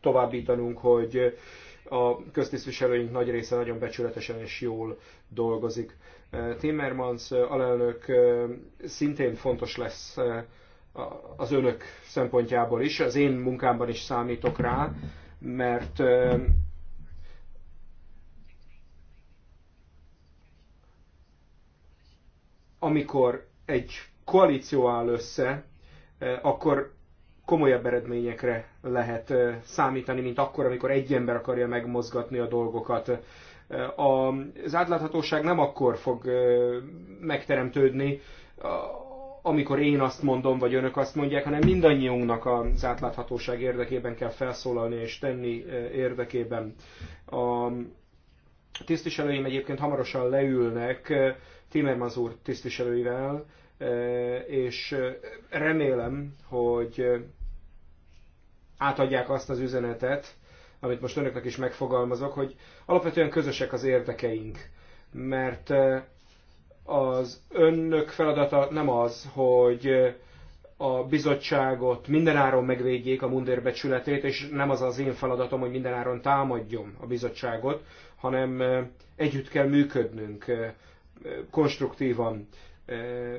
továbbítanunk, hogy a köztisztviselőink nagy része nagyon becsületesen és jól dolgozik. Eh, Timmermans eh, alelnök szintén fontos lesz az önök szempontjából is, az én munkámban is számítok rá, mert amikor egy koalíció áll össze, eh, akkor komolyabb eredményekre lehet eh, számítani, mint akkor, amikor egy ember akarja megmozgatni a dolgokat. Eh, az átláthatóság nem akkor fog megteremtődni, amikor én azt mondom, vagy önök azt mondják, hanem mindannyiunknak az átláthatóság érdekében kell felszólalni és tenni érdekében. A tisztviselőim egyébként hamarosan leülnek, Timmermans úr tisztviselőivel, e, és remélem, hogy átadják azt az üzenetet, amit most önöknek is megfogalmazok, hogy alapvetően közösek az érdekeink, mert e, az önök feladata nem az, hogy e, a bizottságot mindenáron megvédjék a mundérbecsületét, és nem az az én feladatom, hogy mindenáron támadjom a bizottságot, hanem együtt kell működnünk konstruktívan. E,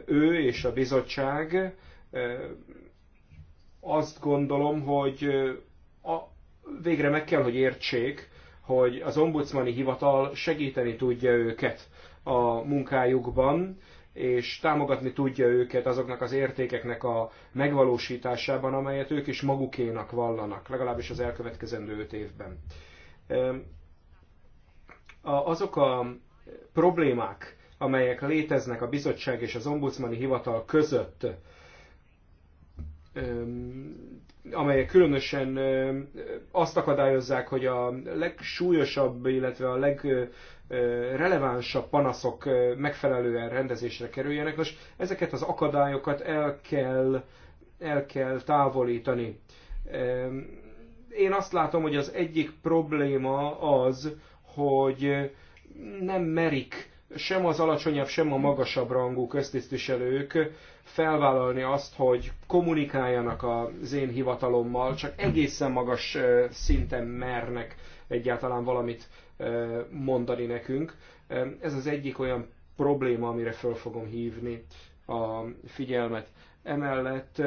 ő és a bizottság e, azt gondolom, hogy e, a, végre meg kell, hogy értsék, hogy az ombudsmani hivatal segíteni tudja őket a munkájukban, és támogatni tudja őket azoknak az értékeknek a megvalósításában, amelyet ők is magukénak vallanak, legalábbis az elkövetkezendő öt évben. Azok a problémák, amelyek léteznek a bizottság és az ombudsmani hivatal között, amelyek különösen azt akadályozzák, hogy a legsúlyosabb, illetve a legrelevánsabb panaszok megfelelően rendezésre kerüljenek. Most ezeket az akadályokat el kell, el kell távolítani. Én azt látom, hogy az egyik probléma az, hogy nem merik sem az alacsonyabb, sem a magasabb rangú köztisztviselők felvállalni azt, hogy kommunikáljanak az én hivatalommal, csak egészen magas szinten mernek egyáltalán valamit mondani nekünk. Ez az egyik olyan probléma, amire föl fogom hívni a figyelmet. Emellett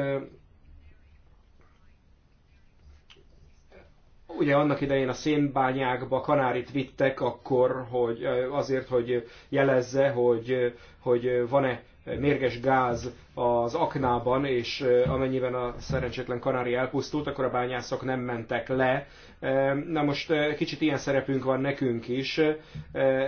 ugye annak idején a szénbányákba kanárit vittek akkor, hogy azért, hogy jelezze, hogy, hogy van-e mérges gáz az aknában, és amennyiben a szerencsétlen kanári elpusztult, akkor a bányászok nem mentek le. Na most kicsit ilyen szerepünk van nekünk is,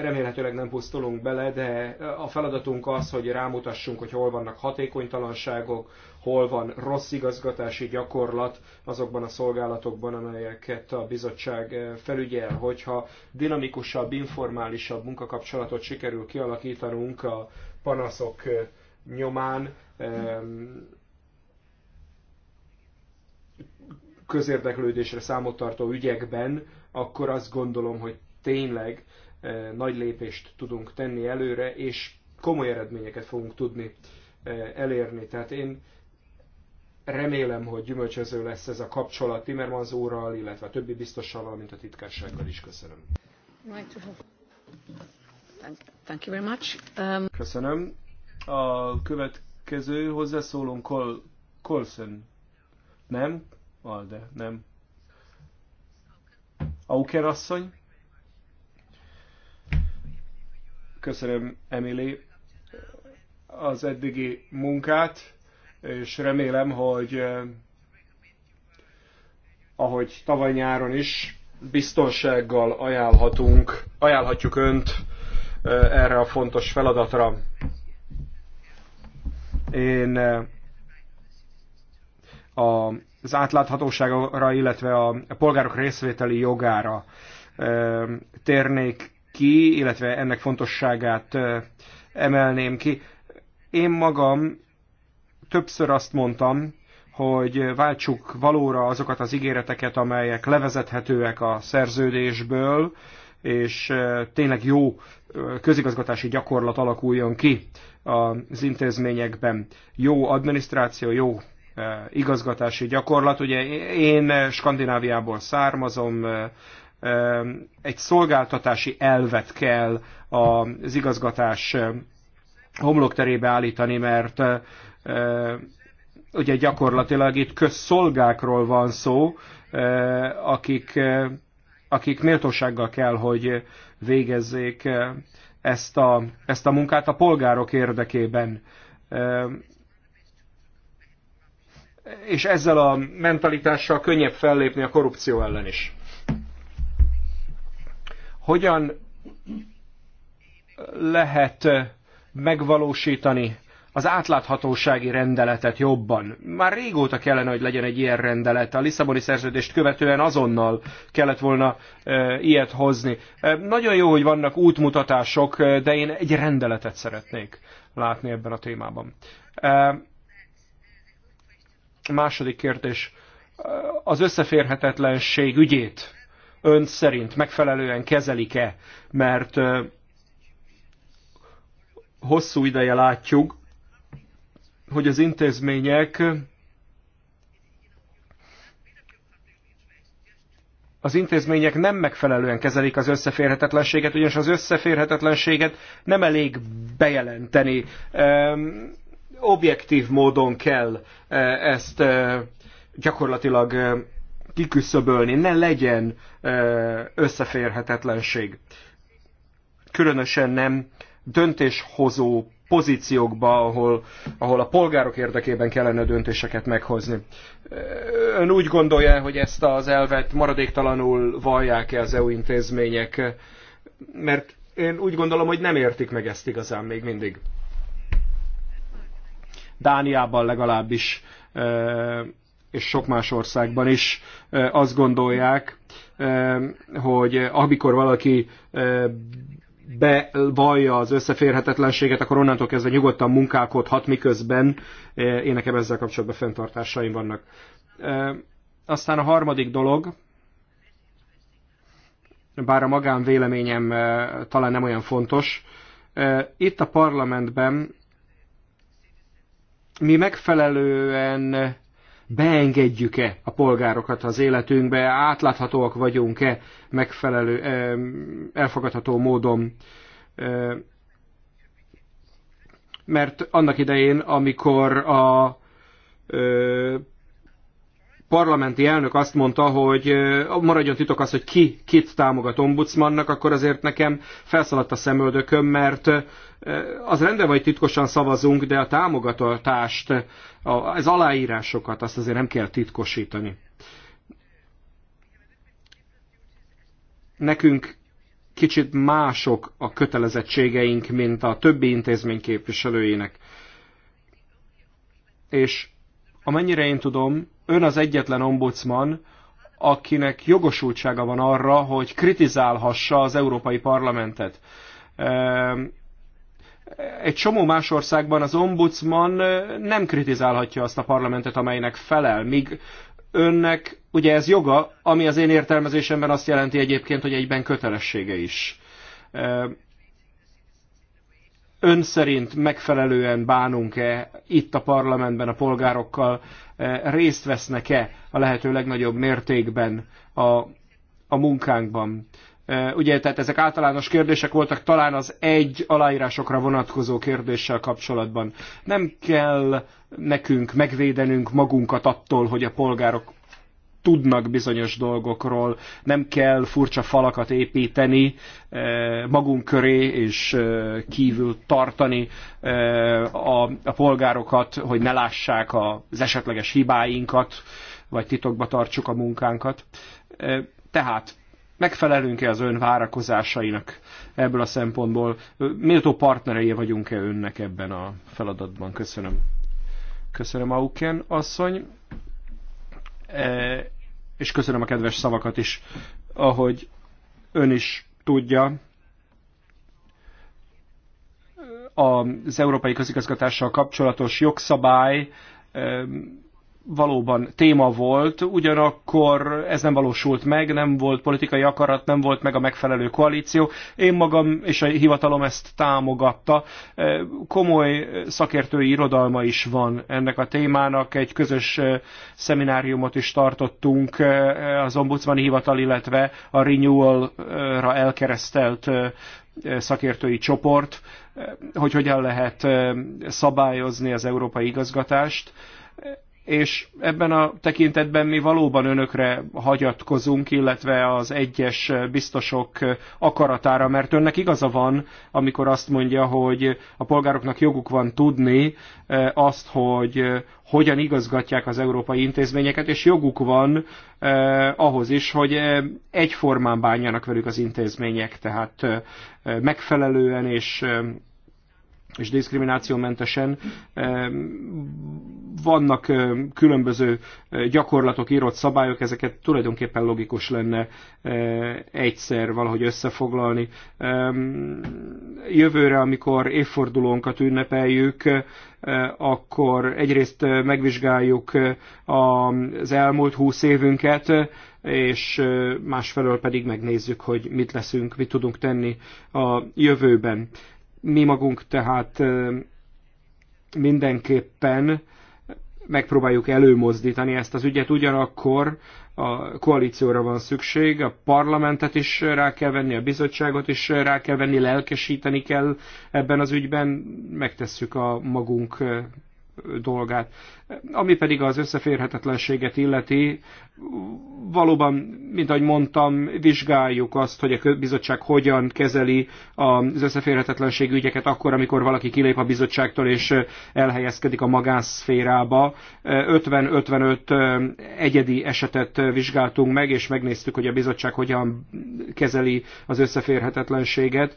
remélhetőleg nem pusztulunk bele, de a feladatunk az, hogy rámutassunk, hogy hol vannak hatékonytalanságok, hol van rossz igazgatási gyakorlat azokban a szolgálatokban, amelyeket a bizottság eh, felügyel. Hogyha dinamikusabb, informálisabb munkakapcsolatot sikerül kialakítanunk a panaszok eh, nyomán, közérdeklődésre számot tartó ügyekben, akkor azt gondolom, hogy tényleg eh, nagy lépést tudunk tenni előre, és komoly eredményeket fogunk tudni elérni. Tehát én Remélem, hogy gyümölcsöző lesz ez a kapcsolat Timmermans úrral, illetve a többi biztossal, valamint a titkársággal is. Köszönöm. Thank you very much. Um... Köszönöm. A következő hozzászólón Col Colson. Nem? Alde, nem. Auker asszony. Köszönöm, Emily, az eddigi munkát és remélem, hogy eh, ahogy tavaly nyáron is, biztonsággal ajánlhatunk, ajánlhatjuk Önt eh, erre a fontos feladatra. Én eh, az átláthatóságra, illetve a polgárok részvételi jogára térnék ki, illetve ennek fontosságát emelném ki. Én magam Többször azt mondtam, hogy váltsuk valóra azokat az ígéreteket, amelyek levezethetőek a szerződésből, és tényleg jó közigazgatási gyakorlat alakuljon ki az intézményekben. Jó adminisztráció, jó igazgatási gyakorlat. Ugye én Skandináviából származom, egy szolgáltatási elvet kell az igazgatás homlokterébe állítani, mert ugye gyakorlatilag itt közszolgákról van szó, akik, akik méltósággal kell, hogy végezzék ezt a, ezt a munkát a polgárok érdekében. És ezzel a mentalitással könnyebb fellépni a korrupció ellen is. Hogyan lehet megvalósítani az átláthatósági rendeletet jobban. Már régóta kellene, hogy legyen egy ilyen rendelet. A Lisszaboni szerződést követően azonnal kellett volna e, ilyet hozni. E, nagyon jó, hogy vannak útmutatások, e, de én egy rendeletet szeretnék látni ebben a témában. E, második kérdés. Az összeférhetetlenség ügyét ön szerint megfelelően kezelik-e? Mert e, hosszú ideje látjuk, hogy az intézmények az intézmények nem megfelelően kezelik az összeférhetetlenséget, ugyanis az összeférhetetlenséget nem elég bejelenteni. objektív módon kell e, ezt e, gyakorlatilag e, kiküszöbölni, ne legyen összeférhetetlenség. Különösen nem döntéshozó pozíciókba, ahol, ahol a polgárok érdekében kellene döntéseket meghozni. Ön úgy gondolja, hogy ezt az elvet maradéktalanul vallják-e az EU intézmények? Mert én úgy gondolom, hogy nem értik meg ezt igazán még mindig. Dániában legalábbis, és sok más országban is azt gondolják, hogy amikor valaki bevallja az összeférhetetlenséget, akkor onnantól kezdve nyugodtan munkálkodhat, miközben eh, én nekem ezzel kapcsolatban fenntartásaim vannak. Eh, aztán a harmadik dolog, bár a magán véleményem eh, talán nem olyan fontos, itt a parlamentben mi megfelelően beengedjük-e a polgárokat az életünkbe, átláthatóak vagyunk-e megfelelő, elfogadható módon. Mert annak idején, amikor a parlamenti elnök azt mondta, hogy maradjon titok az, hogy ki kit támogat ombudsmannak, akkor azért nekem felszaladt a szemöldököm, mert az rendben, hogy titkosan szavazunk, de a támogatást, az aláírásokat azt azért nem kell titkosítani. Nekünk kicsit mások a kötelezettségeink, mint a többi intézmény képviselőjének, És amennyire én tudom, ön az egyetlen ombudsman, akinek jogosultsága van arra, hogy kritizálhassa az Európai Parlamentet egy csomó más országban az ombudsman nem kritizálhatja azt a parlamentet, amelynek felel, míg önnek, ugye ez joga, ami az én értelmezésemben azt jelenti egyébként, hogy egyben kötelessége is. Ön szerint megfelelően bánunk-e itt a parlamentben a polgárokkal, részt vesznek-e a lehető legnagyobb mértékben a, a munkánkban? Ugye, tehát ezek általános kérdések voltak talán az egy aláírásokra vonatkozó kérdéssel kapcsolatban. Nem kell nekünk megvédenünk magunkat attól, hogy a polgárok tudnak bizonyos dolgokról, nem kell furcsa falakat építeni magunk köré és kívül tartani a, polgárokat, hogy ne lássák az esetleges hibáinkat, vagy titokba tartsuk a munkánkat. Tehát megfelelünk-e az ön várakozásainak ebből a szempontból? Méltó partnerei vagyunk-e önnek ebben a feladatban? Köszönöm. Köszönöm, Auken asszony. E, és köszönöm a kedves szavakat is, ahogy ön is tudja, az európai közigazgatással kapcsolatos jogszabály valóban téma volt, ugyanakkor ez nem valósult meg, nem volt politikai akarat, nem volt meg a megfelelő koalíció. Én magam és a hivatalom ezt támogatta. E, komoly szakértői irodalma is van ennek a témának. Egy közös e, szemináriumot is tartottunk e, az ombudsmani hivatal, illetve a Renewal-ra elkeresztelt szakértői csoport, hogy hogyan lehet szabályozni az európai igazgatást és ebben a tekintetben mi valóban önökre hagyatkozunk, illetve az egyes biztosok akaratára, mert önnek igaza van, amikor azt mondja, hogy a polgároknak joguk van tudni e, azt, hogy e, hogyan igazgatják az európai intézményeket, és joguk van e, ahhoz is, hogy egyformán bánjanak velük az intézmények, tehát megfelelően és és diszkriminációmentesen. Vannak különböző gyakorlatok, írott szabályok, ezeket tulajdonképpen logikus lenne egyszer valahogy összefoglalni. Jövőre, amikor évfordulónkat ünnepeljük, akkor egyrészt megvizsgáljuk az elmúlt húsz évünket, és másfelől pedig megnézzük, hogy mit leszünk, mit tudunk tenni a jövőben. Mi magunk tehát mindenképpen megpróbáljuk előmozdítani ezt az ügyet, ugyanakkor a koalícióra van szükség, a parlamentet is rá kell venni, a bizottságot is rá kell venni, lelkesíteni kell ebben az ügyben, megtesszük a magunk dolgát. Ami pedig az összeférhetetlenséget illeti, valóban, mint ahogy mondtam, vizsgáljuk azt, hogy a bizottság hogyan kezeli az összeférhetetlenség ügyeket akkor, amikor valaki kilép a bizottságtól és elhelyezkedik a magánszférába. 50-55 egyedi esetet vizsgáltunk meg, és megnéztük, hogy a bizottság hogyan kezeli az összeférhetetlenséget.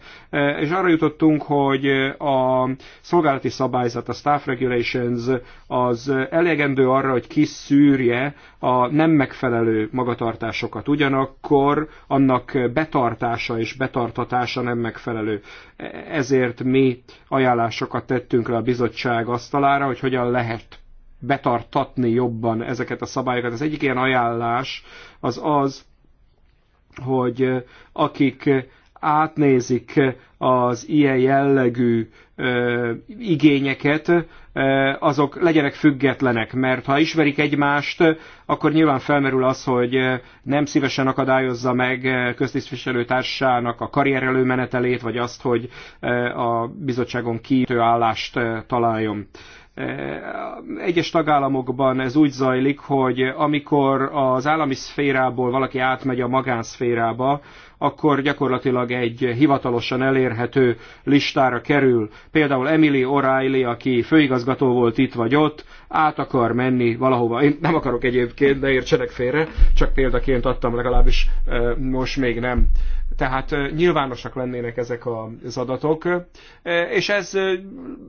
És arra jutottunk, hogy a szolgálati szabályzat, a staff regulations az elegendő arra, hogy kiszűrje a nem megfelelő magatartásokat. Ugyanakkor annak betartása és betartatása nem megfelelő. Ezért mi ajánlásokat tettünk le a bizottság asztalára, hogy hogyan lehet betartatni jobban ezeket a szabályokat. Az egyik ilyen ajánlás az az, hogy akik átnézik az ilyen jellegű ö, igényeket, azok legyenek függetlenek, mert ha ismerik egymást, akkor nyilván felmerül az, hogy nem szívesen akadályozza meg köztisztviselő társának a karrierelő menetelét, vagy azt, hogy a bizottságon kiítő állást találjon. Eh, egyes tagállamokban ez úgy zajlik, hogy amikor az állami szférából valaki átmegy a magánszférába, akkor gyakorlatilag egy hivatalosan elérhető listára kerül. Például Emily O'Reilly, aki főigazgató volt itt vagy ott, át akar menni valahova. Én nem akarok egyébként, de értsenek félre, csak példaként adtam legalábbis eh, most még nem. Tehát nyilvánosak lennének ezek az adatok, és ez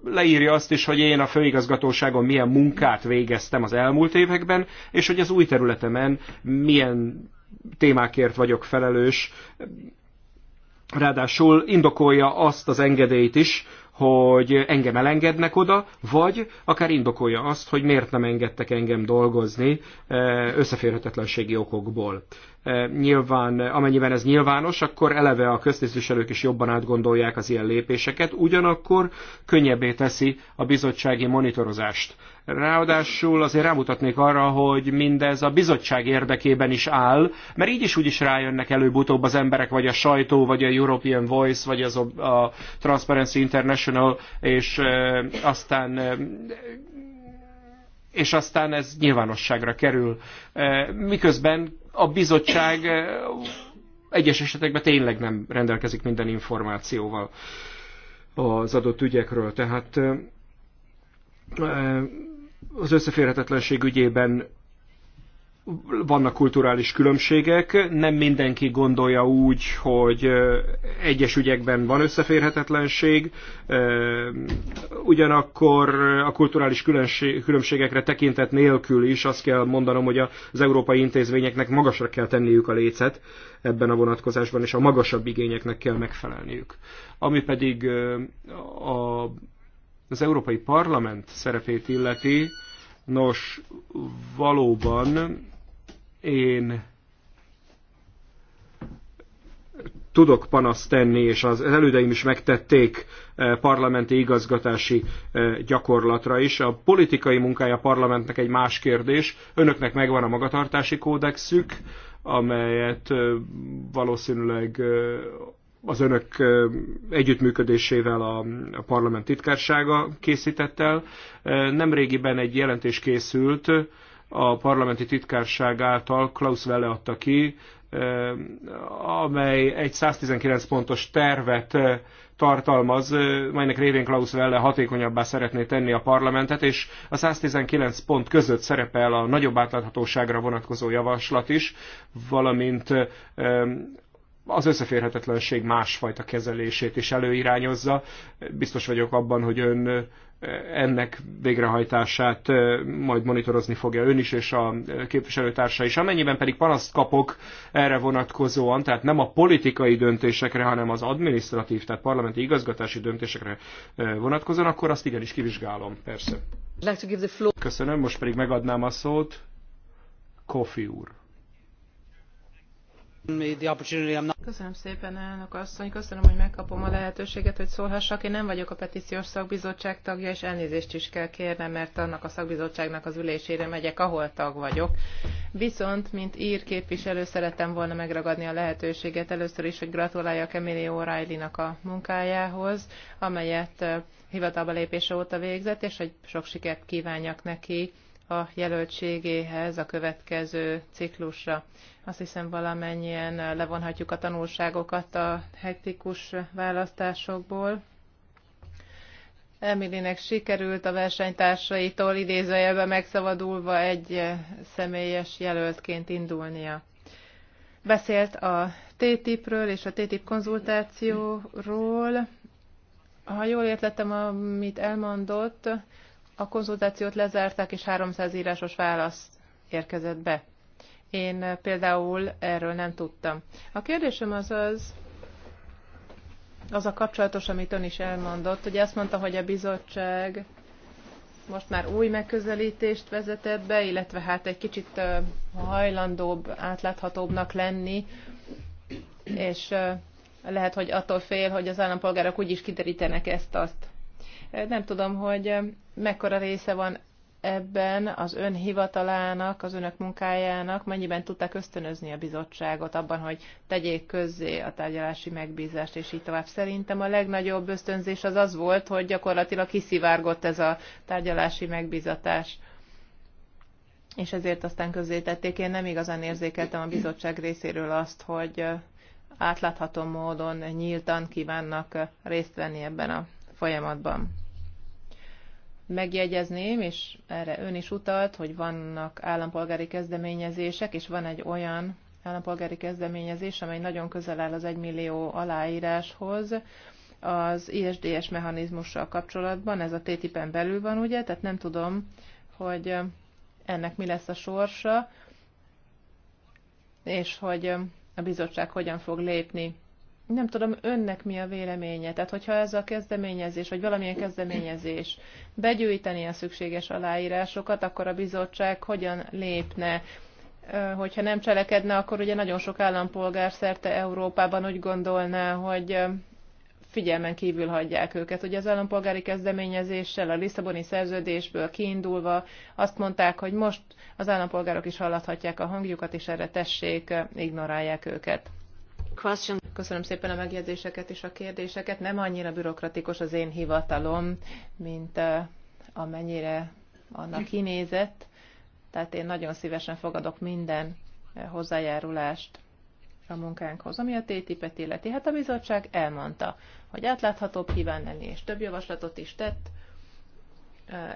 leírja azt is, hogy én a főigazgatóságon milyen munkát végeztem az elmúlt években, és hogy az új területemen milyen témákért vagyok felelős. Ráadásul indokolja azt az engedélyt is, hogy engem elengednek oda, vagy akár indokolja azt, hogy miért nem engedtek engem dolgozni eh, összeférhetetlenségi okokból. Eh, nyilván, amennyiben ez nyilvános, akkor eleve a köztisztviselők is jobban átgondolják az ilyen lépéseket, ugyanakkor könnyebbé teszi a bizottsági monitorozást Ráadásul azért rámutatnék arra, hogy mindez a bizottság érdekében is áll, mert így is úgy is rájönnek előbb-utóbb az emberek, vagy a sajtó, vagy a European Voice, vagy az a Transparency International, és aztán és aztán ez nyilvánosságra kerül. Miközben a bizottság egyes esetekben tényleg nem rendelkezik minden információval az adott ügyekről. Tehát az összeférhetetlenség ügyében vannak kulturális különbségek, nem mindenki gondolja úgy, hogy egyes ügyekben van összeférhetetlenség, ugyanakkor a kulturális különbségekre tekintet nélkül is azt kell mondanom, hogy az európai intézményeknek magasra kell tenniük a lécet ebben a vonatkozásban, és a magasabb igényeknek kell megfelelniük. Ami pedig a az Európai Parlament szerepét illeti, nos, valóban én tudok panaszt tenni, és az elődeim is megtették eh, parlamenti igazgatási eh, gyakorlatra is. A politikai munkája a parlamentnek egy más kérdés. Önöknek megvan a magatartási kódexük, amelyet eh, valószínűleg az önök együttműködésével a, parlament titkársága készített el. Nemrégiben egy jelentés készült a parlamenti titkárság által, Klaus Welle adta ki, amely egy 119 pontos tervet tartalmaz, melynek révén Klaus Welle hatékonyabbá szeretné tenni a parlamentet, és a 119 pont között szerepel a nagyobb átláthatóságra vonatkozó javaslat is, valamint az összeférhetetlenség másfajta kezelését is előirányozza. Biztos vagyok abban, hogy ön ennek végrehajtását majd monitorozni fogja ön is, és a képviselőtársa is. Amennyiben pedig panaszt kapok erre vonatkozóan, tehát nem a politikai döntésekre, hanem az administratív, tehát parlamenti igazgatási döntésekre vonatkozóan, akkor azt igenis kivizsgálom, persze. Köszönöm, most pedig megadnám a szót. Kofi úr. Köszönöm szépen, elnök asszony. Köszönöm, hogy megkapom a lehetőséget, hogy szólhassak. Én nem vagyok a petíciós szakbizottság tagja, és elnézést is kell kérnem, mert annak a szakbizottságnak az ülésére megyek, ahol tag vagyok. Viszont, mint ír képviselő, szerettem volna megragadni a lehetőséget először is, hogy gratuláljak Emilio O'Reilly-nak a munkájához, amelyet hivatalba lépése óta végzett, és hogy sok sikert kívánjak neki a jelöltségéhez a következő ciklusra. Azt hiszem valamennyien levonhatjuk a tanulságokat a hektikus választásokból. Emilinek sikerült a versenytársaitól idézőjelbe megszabadulva egy személyes jelöltként indulnia. Beszélt a TTIP-ről és a TTIP konzultációról. Ha jól értettem, amit elmondott, a konzultációt lezárták, és 300 írásos válasz érkezett be. Én eh, például erről nem tudtam. A kérdésem az az, az a kapcsolatos, amit ön is elmondott, hogy azt mondta, hogy a bizottság most már új megközelítést vezetett be, illetve hát egy kicsit eh, hajlandóbb, átláthatóbbnak lenni, és eh, lehet, hogy attól fél, hogy az állampolgárok is kiderítenek ezt-azt. Nem tudom, hogy mekkora része van ebben az ön hivatalának, az önök munkájának mennyiben tudták ösztönözni a bizottságot abban, hogy tegyék közzé a tárgyalási megbízást, és így tovább. Szerintem a legnagyobb ösztönzés az az volt, hogy gyakorlatilag kiszivárgott ez a tárgyalási megbízatás és ezért aztán közzétették. Én nem igazán érzékeltem a bizottság részéről azt, hogy átlátható módon nyíltan kívánnak részt venni ebben a folyamatban megjegyezném, és erre ön is utalt, hogy vannak állampolgári kezdeményezések, és van egy olyan állampolgári kezdeményezés, amely nagyon közel áll az egymillió aláíráshoz, az ISDS mechanizmussal kapcsolatban, ez a TTIP-en belül van, ugye, tehát nem tudom, hogy ennek mi lesz a sorsa, és hogy a bizottság hogyan fog lépni nem tudom önnek mi a véleménye. Tehát, hogyha ez a kezdeményezés, vagy valamilyen kezdeményezés begyűjteni a szükséges aláírásokat, akkor a bizottság hogyan lépne? Hogyha nem cselekedne, akkor ugye nagyon sok állampolgár szerte Európában úgy gondolná, hogy figyelmen kívül hagyják őket. Ugye az állampolgári kezdeményezéssel, a Lisszaboni szerződésből kiindulva azt mondták, hogy most az állampolgárok is hallathatják a hangjukat, és erre tessék, ignorálják őket. Köszönöm szépen a megjegyzéseket és a kérdéseket. Nem annyira bürokratikus az én hivatalom, mint amennyire annak kinézett. Tehát én nagyon szívesen fogadok minden hozzájárulást a munkánkhoz, ami a TTIP-et illeti. Hát a bizottság elmondta, hogy átláthatóbb kíván lenni, és több javaslatot is tett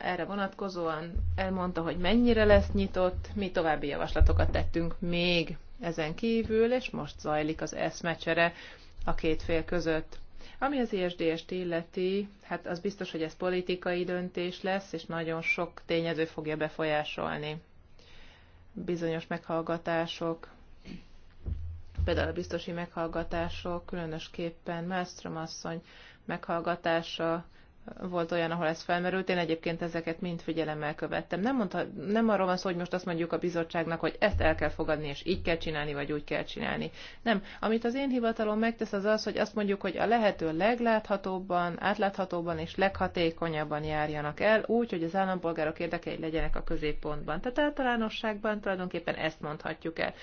erre vonatkozóan. Elmondta, hogy mennyire lesz nyitott, mi további javaslatokat tettünk még ezen kívül, és most zajlik az eszmecsere a két fél között. Ami az ISDS-t illeti, hát az biztos, hogy ez politikai döntés lesz, és nagyon sok tényező fogja befolyásolni. Bizonyos meghallgatások, például a biztosi meghallgatások, különösképpen Mástrom asszony meghallgatása volt olyan, ahol ez felmerült. Én egyébként ezeket mind figyelemmel követtem. Nem, mondta, nem arról van szó, hogy most azt mondjuk a bizottságnak, hogy ezt el kell fogadni, és így kell csinálni, vagy úgy kell csinálni. Nem. Amit az én hivatalom megtesz, az az, hogy azt mondjuk, hogy a lehető legláthatóbban, átláthatóban és leghatékonyabban járjanak el, úgy, hogy az állampolgárok érdekei legyenek a középpontban. Tehát általánosságban tulajdonképpen ezt mondhatjuk el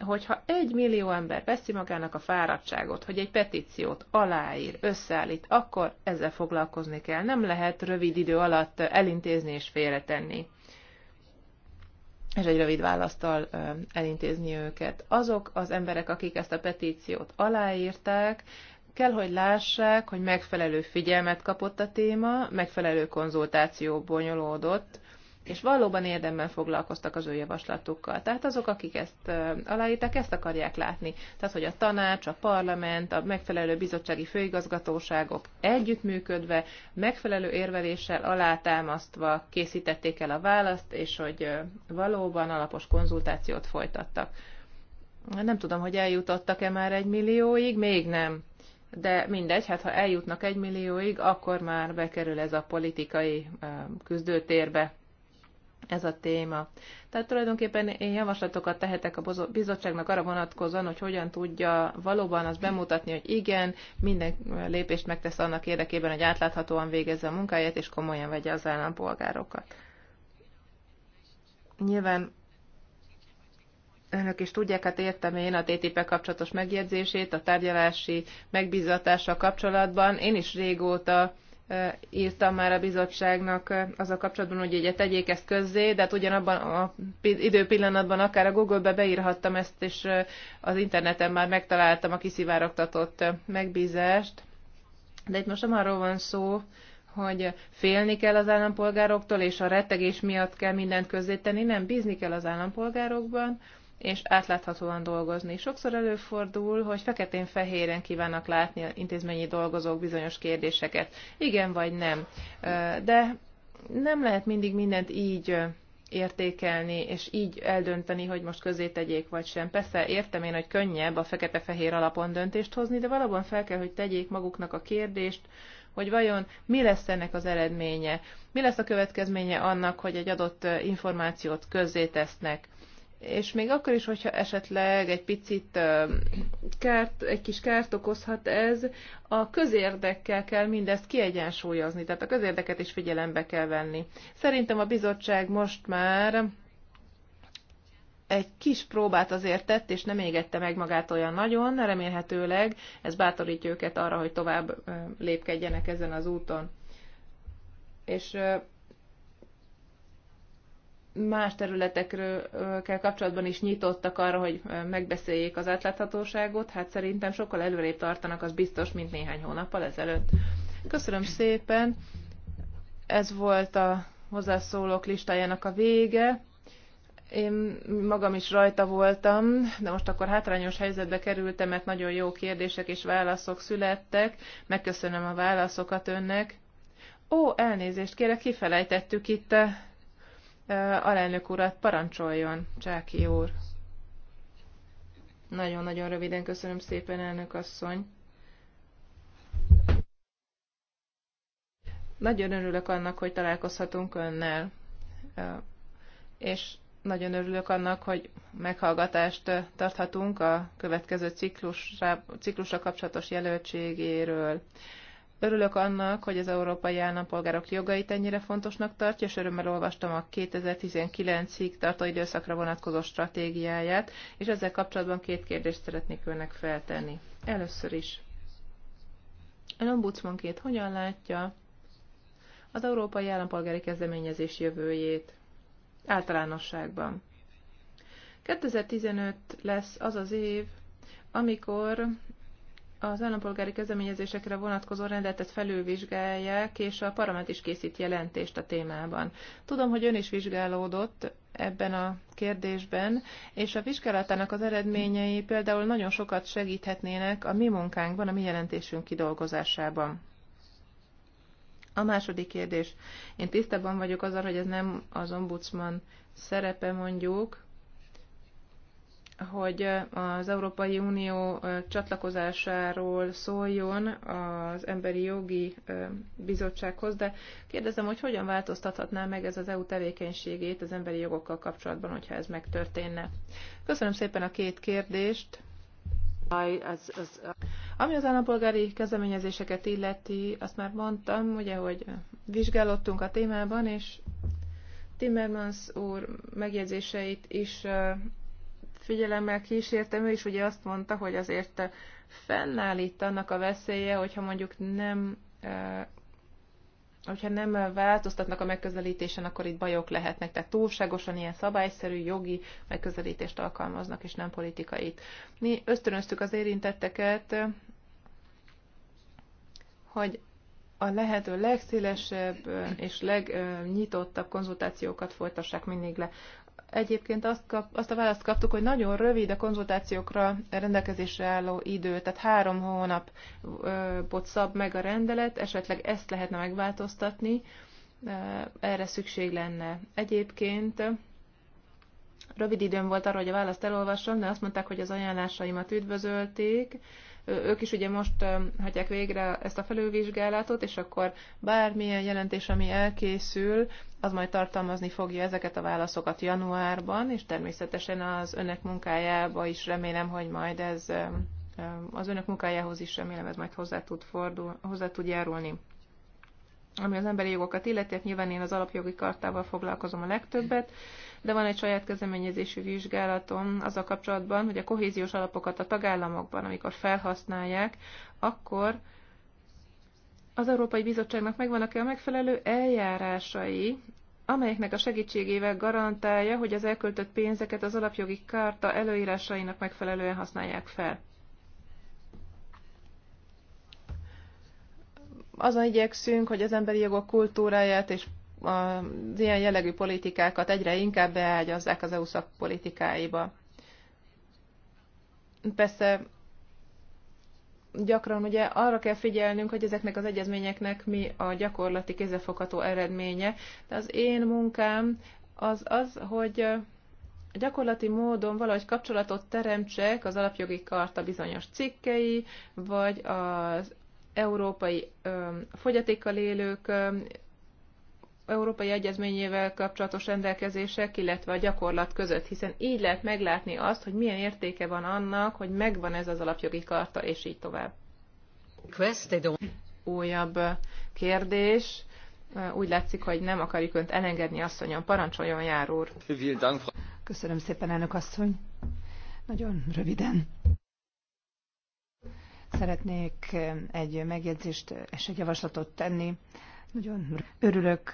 hogyha egy millió ember veszi magának a fáradtságot, hogy egy petíciót aláír, összeállít, akkor ezzel foglalkozni kell. Nem lehet rövid idő alatt elintézni és félretenni és egy rövid választal elintézni őket. Azok az emberek, akik ezt a petíciót aláírták, kell, hogy lássák, hogy megfelelő figyelmet kapott a téma, megfelelő konzultáció bonyolódott, és valóban érdemben foglalkoztak az ő javaslatukkal. Tehát azok, akik ezt aláírták, ezt akarják látni. Tehát, hogy a tanács, a parlament, a megfelelő bizottsági főigazgatóságok együttműködve, megfelelő érveléssel alátámasztva készítették el a választ, és hogy valóban alapos konzultációt folytattak. Nem tudom, hogy eljutottak-e már egy millióig, még nem. De mindegy, hát ha eljutnak egy millióig, akkor már bekerül ez a politikai küzdőtérbe ez a téma. Tehát tulajdonképpen én javaslatokat tehetek a bizottságnak arra vonatkozóan, hogy hogyan tudja valóban azt bemutatni, hogy igen, minden lépést megtesz annak érdekében, hogy átláthatóan végezze a munkáját, és komolyan vegye az állampolgárokat. Nyilván önök is tudják, hát értem én a ttp kapcsolatos megjegyzését, a tárgyalási megbízatással kapcsolatban. Én is régóta írtam már a bizottságnak az a kapcsolatban, hogy ugye tegyék ezt közzé, de hát ugyanabban a időpillanatban akár a Google-be beírhattam ezt, és az interneten már megtaláltam a kiszivárogtatott megbízást. De itt most nem arról van szó, hogy félni kell az állampolgároktól, és a rettegés miatt kell mindent közzétenni, nem, bízni kell az állampolgárokban, és átláthatóan dolgozni. Sokszor előfordul, hogy feketén-fehéren kívánnak látni az intézményi dolgozók bizonyos kérdéseket. Igen vagy nem. De nem lehet mindig mindent így értékelni, és így eldönteni, hogy most közé tegyék vagy sem. Persze értem én, hogy könnyebb a fekete-fehér alapon döntést hozni, de valóban fel kell, hogy tegyék maguknak a kérdést, hogy vajon mi lesz ennek az eredménye, mi lesz a következménye annak, hogy egy adott információt közzétesznek. tesznek és még akkor is, hogyha esetleg egy picit kert, egy kis kárt okozhat ez, a közérdekkel kell mindezt kiegyensúlyozni, tehát a közérdeket is figyelembe kell venni. Szerintem a bizottság most már egy kis próbát azért tett, és nem égette meg magát olyan nagyon, remélhetőleg ez bátorítja őket arra, hogy tovább lépkedjenek ezen az úton. És más területekről kell kapcsolatban is nyitottak arra, hogy megbeszéljék az átláthatóságot, hát szerintem sokkal előrébb tartanak, az biztos, mint néhány hónappal ezelőtt. Köszönöm szépen, ez volt a hozzászólók listájának a vége. Én magam is rajta voltam, de most akkor hátrányos helyzetbe kerültem, mert nagyon jó kérdések és válaszok születtek. Megköszönöm a válaszokat önnek. Ó, elnézést kérek, kifelejtettük itt alelnök urat parancsoljon, Csáki úr. Nagyon-nagyon röviden köszönöm szépen, elnök asszony. Nagyon örülök annak, hogy találkozhatunk önnel, és nagyon örülök annak, hogy meghallgatást tarthatunk a következő ciklusra, ciklusra kapcsolatos jelöltségéről. Örülök annak, hogy az európai állampolgárok jogait ennyire fontosnak tartja, és örömmel olvastam a 2019-ig tartó időszakra vonatkozó stratégiáját, és ezzel kapcsolatban két kérdést szeretnék önnek feltenni. Először is. Ön ombudsmanként hogyan látja az európai állampolgári kezdeményezés jövőjét általánosságban? 2015 lesz az az év, amikor az állampolgári kezdeményezésekre vonatkozó rendeletet felülvizsgálják, és a parlament is készít jelentést a témában. Tudom, hogy ön is vizsgálódott ebben a kérdésben, és a vizsgálatának az eredményei például nagyon sokat segíthetnének a mi munkánkban, a mi jelentésünk kidolgozásában. A második kérdés. Én tisztában vagyok azzal, hogy ez nem az ombudsman szerepe mondjuk, hogy az Európai Unió csatlakozásáról szóljon az Emberi Jogi Bizottsághoz, de kérdezem, hogy hogyan változtathatná meg ez az EU tevékenységét az emberi jogokkal kapcsolatban, hogyha ez megtörténne. Köszönöm szépen a két kérdést. Uh, Ami az állampolgári kezdeményezéseket illeti, azt már mondtam, ugye, hogy vizsgálottunk a témában, és Timmermans úr megjegyzéseit is figyelemmel kísértem, ő is ugye azt mondta, hogy azért fennáll itt annak a veszélye, hogyha mondjuk nem hogyha nem változtatnak a megközelítésen, akkor itt bajok lehetnek. Tehát túlságosan ilyen szabályszerű jogi megközelítést alkalmaznak, és nem politikait. Mi ösztönöztük az érintetteket, hogy a lehető legszélesebb és legnyitottabb konzultációkat folytassák mindig le. Egyébként azt, kap, azt a választ kaptuk, hogy nagyon rövid a konzultációkra rendelkezésre álló idő, tehát három hónapot szab meg a rendelet, esetleg ezt lehetne megváltoztatni, erre szükség lenne. Egyébként rövid időm volt arra, hogy a választ elolvassam, de azt mondták, hogy az ajánlásaimat üdvözölték, ők is ugye most hagyják végre ezt a felülvizsgálatot, és akkor bármilyen jelentés, ami elkészül, az majd tartalmazni fogja ezeket a válaszokat januárban, és természetesen az önök munkájába is remélem, hogy majd ez az önök munkájához is remélem ez majd hozzá tud, fordul, hozzá tud járulni. Ami az emberi jogokat illeti, hát nyilván én az alapjogi kartával foglalkozom a legtöbbet, de van egy saját kezdeményezésű vizsgálatom az a kapcsolatban, hogy a kohéziós alapokat a tagállamokban, amikor felhasználják, akkor az Európai Bizottságnak megvannak-e a megfelelő eljárásai, amelyeknek a segítségével garantálja, hogy az elköltött pénzeket az alapjogi kárta előírásainak megfelelően használják fel. Azon igyekszünk, hogy az emberi jogok kultúráját és az ilyen jellegű politikákat egyre inkább beágyazzák az EU szakpolitikáiba. Persze gyakran ugye arra kell figyelnünk, hogy ezeknek az egyezményeknek mi a gyakorlati kézefogható eredménye, de az én munkám az az, hogy gyakorlati módon valahogy kapcsolatot teremtsek az alapjogi karta bizonyos cikkei, vagy az európai ö, fogyatékkal élők ö, európai egyezményével kapcsolatos rendelkezések, illetve a gyakorlat között, hiszen így lehet meglátni azt, hogy milyen értéke van annak, hogy megvan ez az alapjogi karta, és így tovább. Újabb kérdés. Úgy látszik, hogy nem akarjuk önt elengedni, asszonyom. Parancsoljon, jár úr. Köszönöm szépen, elnök asszony. Nagyon röviden. Szeretnék egy megjegyzést és egy javaslatot tenni nagyon örülök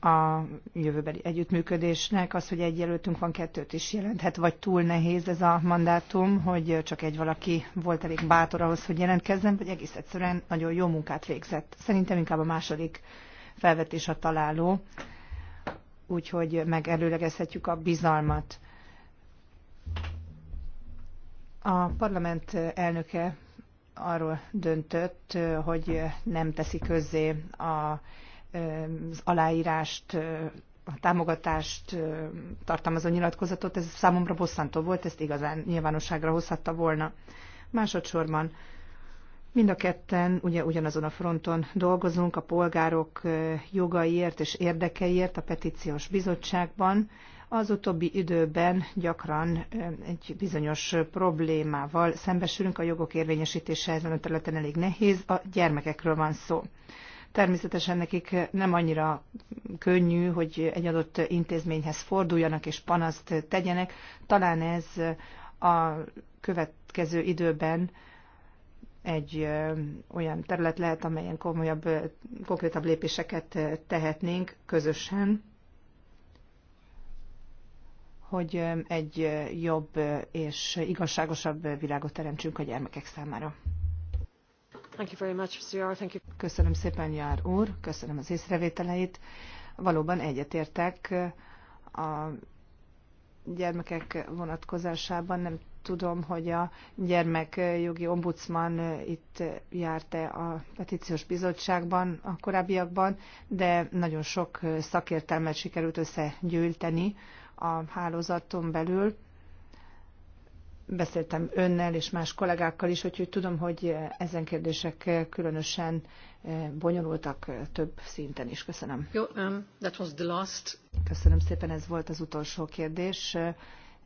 a jövőbeli együttműködésnek. Az, hogy egy jelöltünk van, kettőt is jelenthet, vagy túl nehéz ez a mandátum, hogy csak egy valaki volt elég bátor ahhoz, hogy jelentkezzen, vagy egész egyszerűen nagyon jó munkát végzett. Szerintem inkább a második felvetés a találó, úgyhogy megelőlegezhetjük a bizalmat. A parlament elnöke arról döntött, hogy nem teszi közzé a, az aláírást, a támogatást tartalmazó nyilatkozatot. Ez számomra bosszantó volt, ezt igazán nyilvánosságra hozhatta volna. Másodszorban mind a ketten ugye ugyanazon a fronton dolgozunk, a polgárok jogaiért és érdekeiért a petíciós bizottságban, az utóbbi időben gyakran egy bizonyos problémával szembesülünk, a jogok érvényesítése ezen a területen elég nehéz, a gyermekekről van szó. Természetesen nekik nem annyira könnyű, hogy egy adott intézményhez forduljanak és panaszt tegyenek. Talán ez a következő időben egy olyan terület lehet, amelyen komolyabb, konkrétabb lépéseket tehetnénk közösen hogy egy jobb és igazságosabb világot teremtsünk a gyermekek számára. Thank you very much, Sr. Thank you. Köszönöm szépen, Jár úr, köszönöm az észrevételeit. Valóban egyetértek a gyermekek vonatkozásában. Nem tudom, hogy a gyermekjogi ombudsman itt járt-e a petíciós bizottságban a korábbiakban, de nagyon sok szakértelmet sikerült összegyűjteni a hálózaton belül. Beszéltem önnel és más kollégákkal is, úgyhogy tudom, hogy ezen kérdések különösen eh, bonyolultak eh, több szinten is. Köszönöm. Jó, um, that was the last. Köszönöm szépen, ez volt az utolsó kérdés, eh,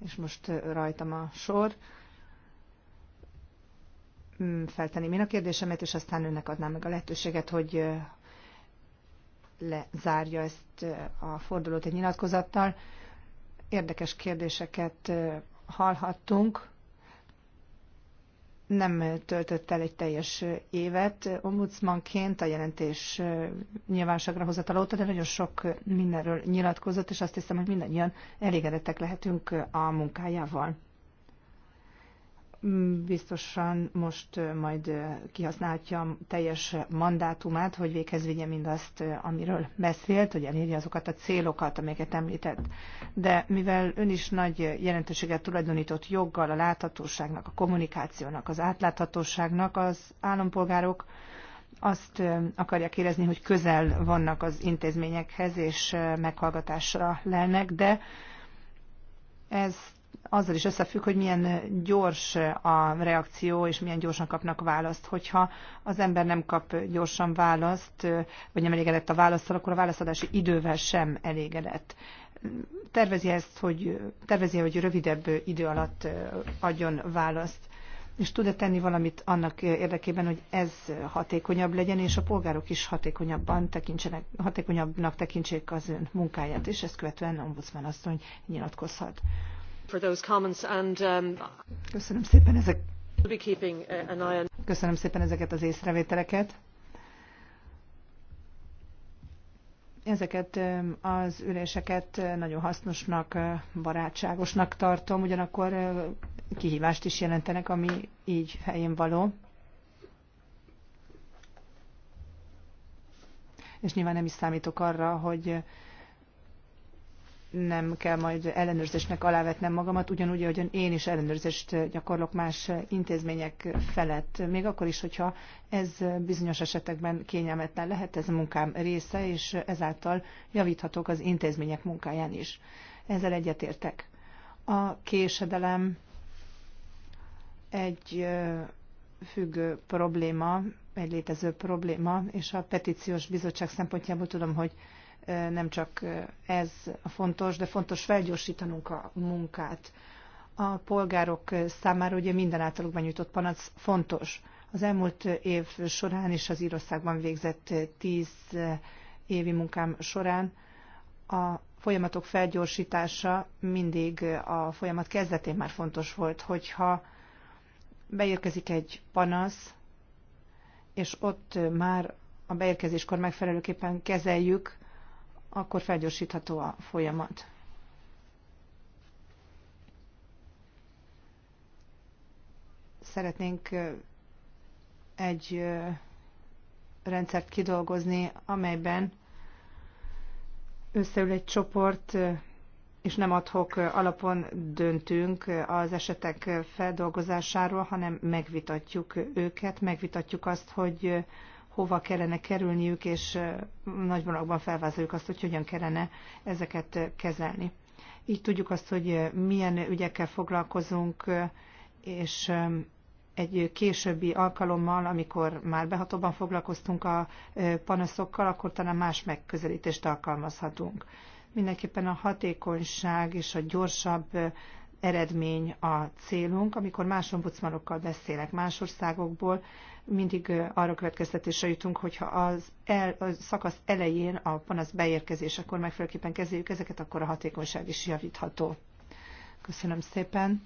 és most rajtam a sor mm, Felteni én a kérdésemet, és aztán önnek adnám meg a lehetőséget, hogy lezárja ezt a fordulót egy nyilatkozattal. Érdekes kérdéseket hallhattunk. Nem töltött el egy teljes évet ombudsmanként, a jelentés nyilvánosságra hozatal óta, de nagyon sok mindenről nyilatkozott, és azt hiszem, hogy mindannyian elégedettek lehetünk a munkájával. Mm, biztosan most majd kihasználhatja teljes mandátumát, hogy véghez vigye mindazt, amiről beszélt, hogy elérje azokat a célokat, amelyeket említett. De mivel ön is nagy jelentőséget tulajdonított joggal a láthatóságnak, a kommunikációnak, az átláthatóságnak, az állampolgárok azt akarják érezni, hogy közel vannak az intézményekhez, és meghallgatásra lelnek, de ezt azzal is összefügg, hogy milyen gyors a reakció, és milyen gyorsan kapnak választ. Hogyha az ember nem kap gyorsan választ, vagy nem elégedett a válaszsal, akkor a válaszadási idővel sem elégedett. Tervezi ezt, hogy, tervezi, hogy rövidebb idő alatt adjon választ. És tud-e tenni valamit annak érdekében, hogy ez hatékonyabb legyen, és a polgárok is hatékonyabban tekintsenek, hatékonyabbnak tekintsék az ön munkáját, és ezt követően ombudsman asszony nyilatkozhat. For those comments and, um... Köszönöm szépen ezek. Uh, Köszönöm szépen ezeket az észrevételeket. Ezeket um, az üléseket uh, nagyon hasznosnak, uh, barátságosnak tartom, ugyanakkor kihívást is jelentenek, ami így helyén való. És nyilván nem is számítok arra, hogy nem kell majd ellenőrzésnek alávetnem magamat, ugyanúgy, hogy én is ellenőrzést gyakorlok más intézmények felett. Még akkor is, hogyha ez bizonyos esetekben kényelmetlen lehet, ez a munkám része, és ezáltal javíthatok az intézmények munkáján is. Ezzel egyetértek. A késedelem egy függő probléma, egy létező probléma, és a petíciós bizottság szempontjából tudom, hogy nem csak ez a fontos, de fontos felgyorsítanunk a munkát. A polgárok számára ugye minden általuk benyújtott panasz fontos. Az elmúlt év során és az Írországban végzett tíz évi munkám során a folyamatok felgyorsítása mindig a folyamat kezdetén már fontos volt, hogyha beérkezik egy panasz, és ott már a beérkezéskor megfelelőképpen kezeljük, akkor felgyorsítható a folyamat. Szeretnénk egy rendszert kidolgozni, amelyben összeül egy csoport, és nem adhok alapon döntünk az esetek feldolgozásáról, hanem megvitatjuk őket, megvitatjuk azt, hogy hova kellene kerülniük, és nagy vonalakban felvázoljuk azt, hogy hogyan kellene ezeket kezelni. Így tudjuk azt, hogy milyen ügyekkel foglalkozunk, és egy későbbi alkalommal, amikor már behatóban foglalkoztunk a panaszokkal, akkor talán más megközelítést alkalmazhatunk. Mindenképpen a hatékonyság és a gyorsabb eredmény a célunk, amikor más ombudsmanokkal beszélek más országokból, mindig arra következtetésre jutunk, hogyha az el, a szakasz elején a panasz akkor megfelelőképpen kezeljük ezeket, akkor a hatékonyság is javítható. Köszönöm szépen.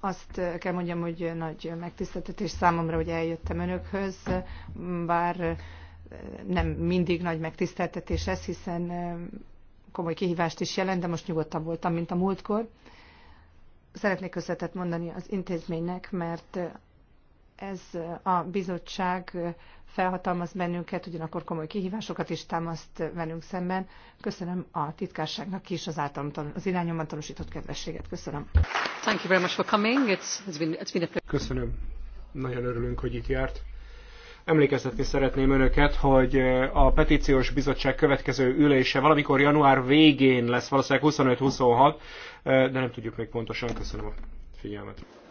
Azt kell mondjam, hogy nagy megtiszteltetés számomra, hogy eljöttem önökhöz, bár nem mindig nagy megtiszteltetés ez, hiszen komoly kihívást is jelent, de most nyugodtabb voltam, mint a múltkor szeretnék köszönetet mondani az intézménynek, mert ez a bizottság felhatalmaz bennünket, ugyanakkor komoly kihívásokat is támaszt velünk szemben. Köszönöm a titkárságnak is az, általam, az irányomban tanúsított kedvességet. Köszönöm. Thank you very much for coming. It's, it's been, it's been a Köszönöm. Nagyon örülünk, hogy itt járt. Emlékeztetni szeretném önöket, hogy a petíciós bizottság következő ülése valamikor január végén lesz, valószínűleg 25-26, de nem tudjuk még pontosan. Köszönöm a figyelmet.